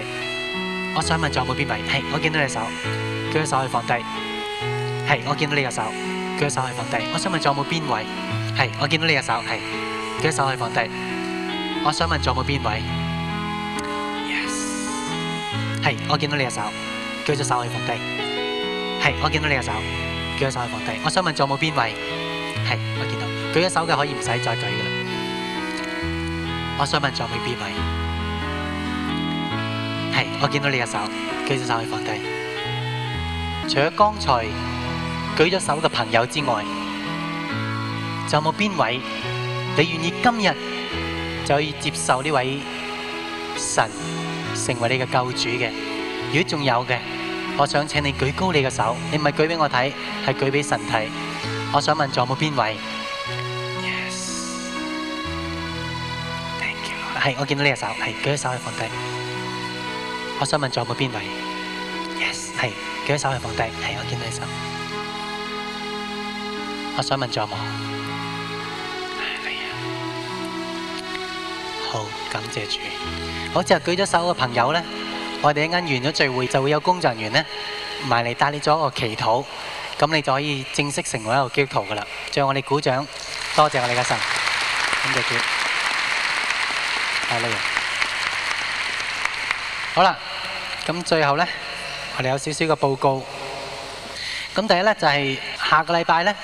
我想問仲有冇邊位，係我見到你嘅手，手舉咗手可以放低，係我見到你嘅手，舉咗手可以放低。我想問仲有冇邊位，係我見到你嘅手，手我想問仲有冇邊位，Yes，係我見到你嘅手。舉咗手可以放低，係我見到你嘅手，舉咗手可以放低。我想問仲有冇邊位？係我見到舉咗手嘅可以唔使再舉嘅啦。我想問仲有冇邊位？係我見到你嘅手，舉咗手可以放低。除咗剛才舉咗手嘅朋友之外，仲有冇邊位你願意今日就可以接受呢位神成為你嘅救主嘅？如果仲有嘅，我想請你舉高你嘅手，你唔係舉俾我睇，係舉俾神睇。我想問仲有冇邊位？Yes，係，我見到呢隻手，係，舉啲手去放低。我想問仲有冇邊位？Yes，係，舉啲手去放低，係，我見到你嘅手。我想問仲有冇？好，感謝主。我只係舉咗手嘅朋友呢。我哋一間完咗聚會，就會有工作人員咧，埋嚟帶你做一個祈禱，咁你就可以正式成為一個基督徒噶啦。最後我哋鼓掌，多謝我哋嘅神，感謝主。好啦，咁最後咧，我哋有少少嘅報告。咁第一咧就係下個禮拜咧，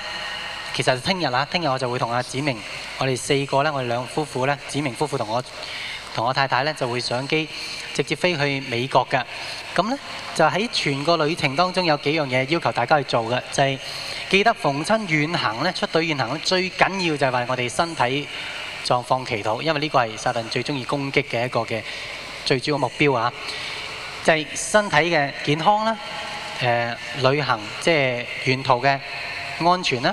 其實聽日啊，聽日我就會同阿子明，我哋四個咧，我哋兩夫婦咧，子明夫婦同我。同我太太咧就會上機，直接飛去美國㗎。咁咧就喺全個旅程當中有幾樣嘢要求大家去做嘅，就係、是、記得逢親遠行咧，出隊遠行咧，最緊要就係為我哋身體狀況祈禱，因為呢個係撒但最中意攻擊嘅一個嘅最主要目標啊！就係、是、身體嘅健康啦，誒、呃、旅行即係、就是、沿途嘅安全啦。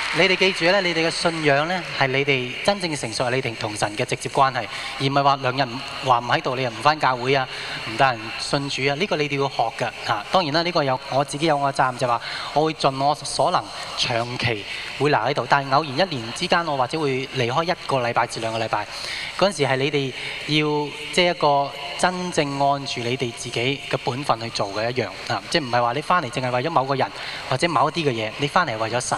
你哋記住咧，你哋嘅信仰咧，係你哋真正成熟，係你哋同神嘅直接關係，而唔係話兩日話唔喺度，你又唔翻教會啊，唔帶人信主啊。呢個你哋要學㗎吓。當然啦，呢個有我自己有我嘅責任就係話，我會盡我所能長期會留喺度，但係偶然一年之間，我或者會離開一個禮拜至兩個禮拜。嗰陣時係你哋要即係一個真正按住你哋自己嘅本分去做嘅一樣啊，即係唔係話你翻嚟淨係為咗某個人或者某一啲嘅嘢，你翻嚟係為咗神。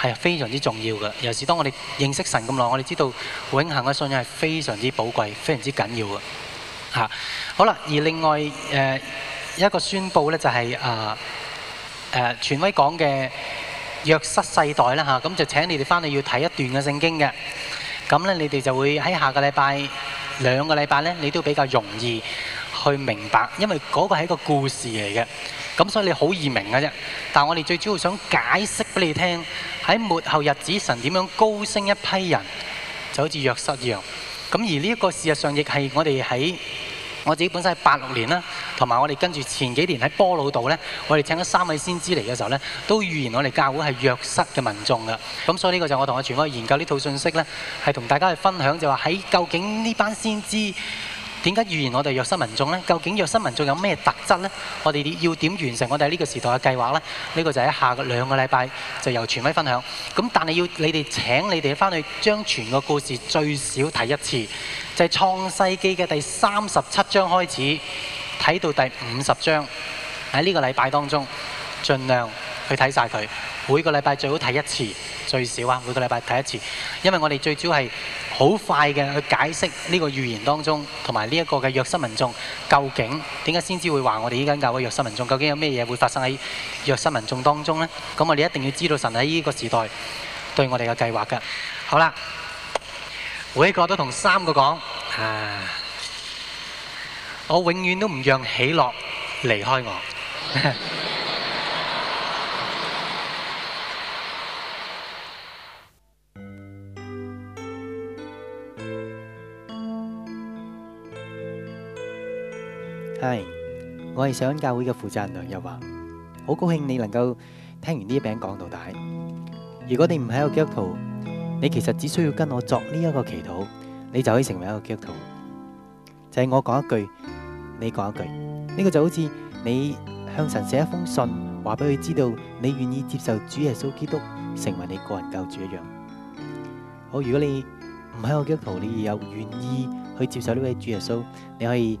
係非常之重要嘅，尤其是當我哋認識神咁耐，我哋知道永恆嘅信仰係非常之寶貴、非常之緊要嘅。嚇、啊，好啦，而另外誒、呃、一個宣佈咧，就係啊誒傳威講嘅約瑟世代啦嚇，咁、啊、就請你哋翻去要睇一段嘅聖經嘅，咁咧你哋就會喺下個禮拜兩個禮拜咧，你都比較容易去明白，因為嗰個係一個故事嚟嘅。咁所以你好易明嘅啫，但係我哋最主要想解釋俾你聽，喺末後日子神點樣高升一批人，就好似約瑟一樣。咁而呢一個事實上亦係我哋喺我自己本身喺八六年啦，同埋我哋跟住前幾年喺波魯道呢，我哋請咗三位先知嚟嘅時候呢，都預言我哋教會係約瑟嘅民眾噶。咁所以呢個就我同阿全哥研究呢套信息呢，係同大家去分享就話、是、喺究竟呢班先知。點解預言我哋弱勢民眾呢？究竟弱勢民眾有咩特質呢？我哋要點完成我哋呢個時代嘅計劃呢？呢、這個就喺下兩個禮拜就由傳威分享。咁但係要你哋請你哋翻去將全個故事最少睇一次，就係、是、創世記嘅第三十七章開始睇到第五十章。喺呢個禮拜當中，盡量。去睇晒，佢，每個禮拜最好睇一次，最少啊，每個禮拜睇一次。因為我哋最主要係好快嘅去解釋呢個預言當中，同埋呢一個嘅弱塞民眾究竟點解先至會話？我哋依家教會弱塞民眾究竟有咩嘢會發生喺弱塞民眾當中呢？咁我哋一定要知道神喺呢個時代對我哋嘅計劃㗎。好啦，每一個都同三個講啊，我永遠都唔讓喜樂離開我。 係，我係聖恩教會嘅負責人梁日華，好高興你能夠聽完呢一餅講道帶。如果你唔係一個基督徒，你其實只需要跟我作呢一個祈禱，你就可以成為一個基督徒。就係我講一句，你講一句，呢個就好似你向神寫一封信，話俾佢知道你願意接受主耶穌基督成為你個人救主一樣。好，如果你唔係一個基督徒，你有願意去接受呢位主耶穌，你可以。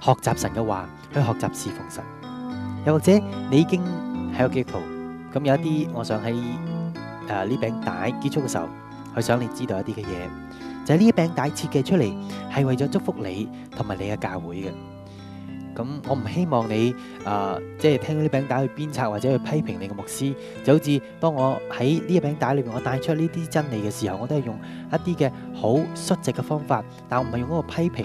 學習神嘅話，去學習侍奉神。又或者你已經喺個基督徒，咁有一啲，我想喺誒呢餅帶結束嘅時候，去想你知道一啲嘅嘢，就係呢一餅帶設計出嚟係為咗祝福你同埋你嘅教會嘅。咁我唔希望你誒，即係聽到呢餅帶去鞭策或者去批評你嘅牧師。就好似當我喺呢一餅帶裏邊，我帶出呢啲真理嘅時候，我都係用一啲嘅好率直嘅方法，但係我唔係用嗰個批評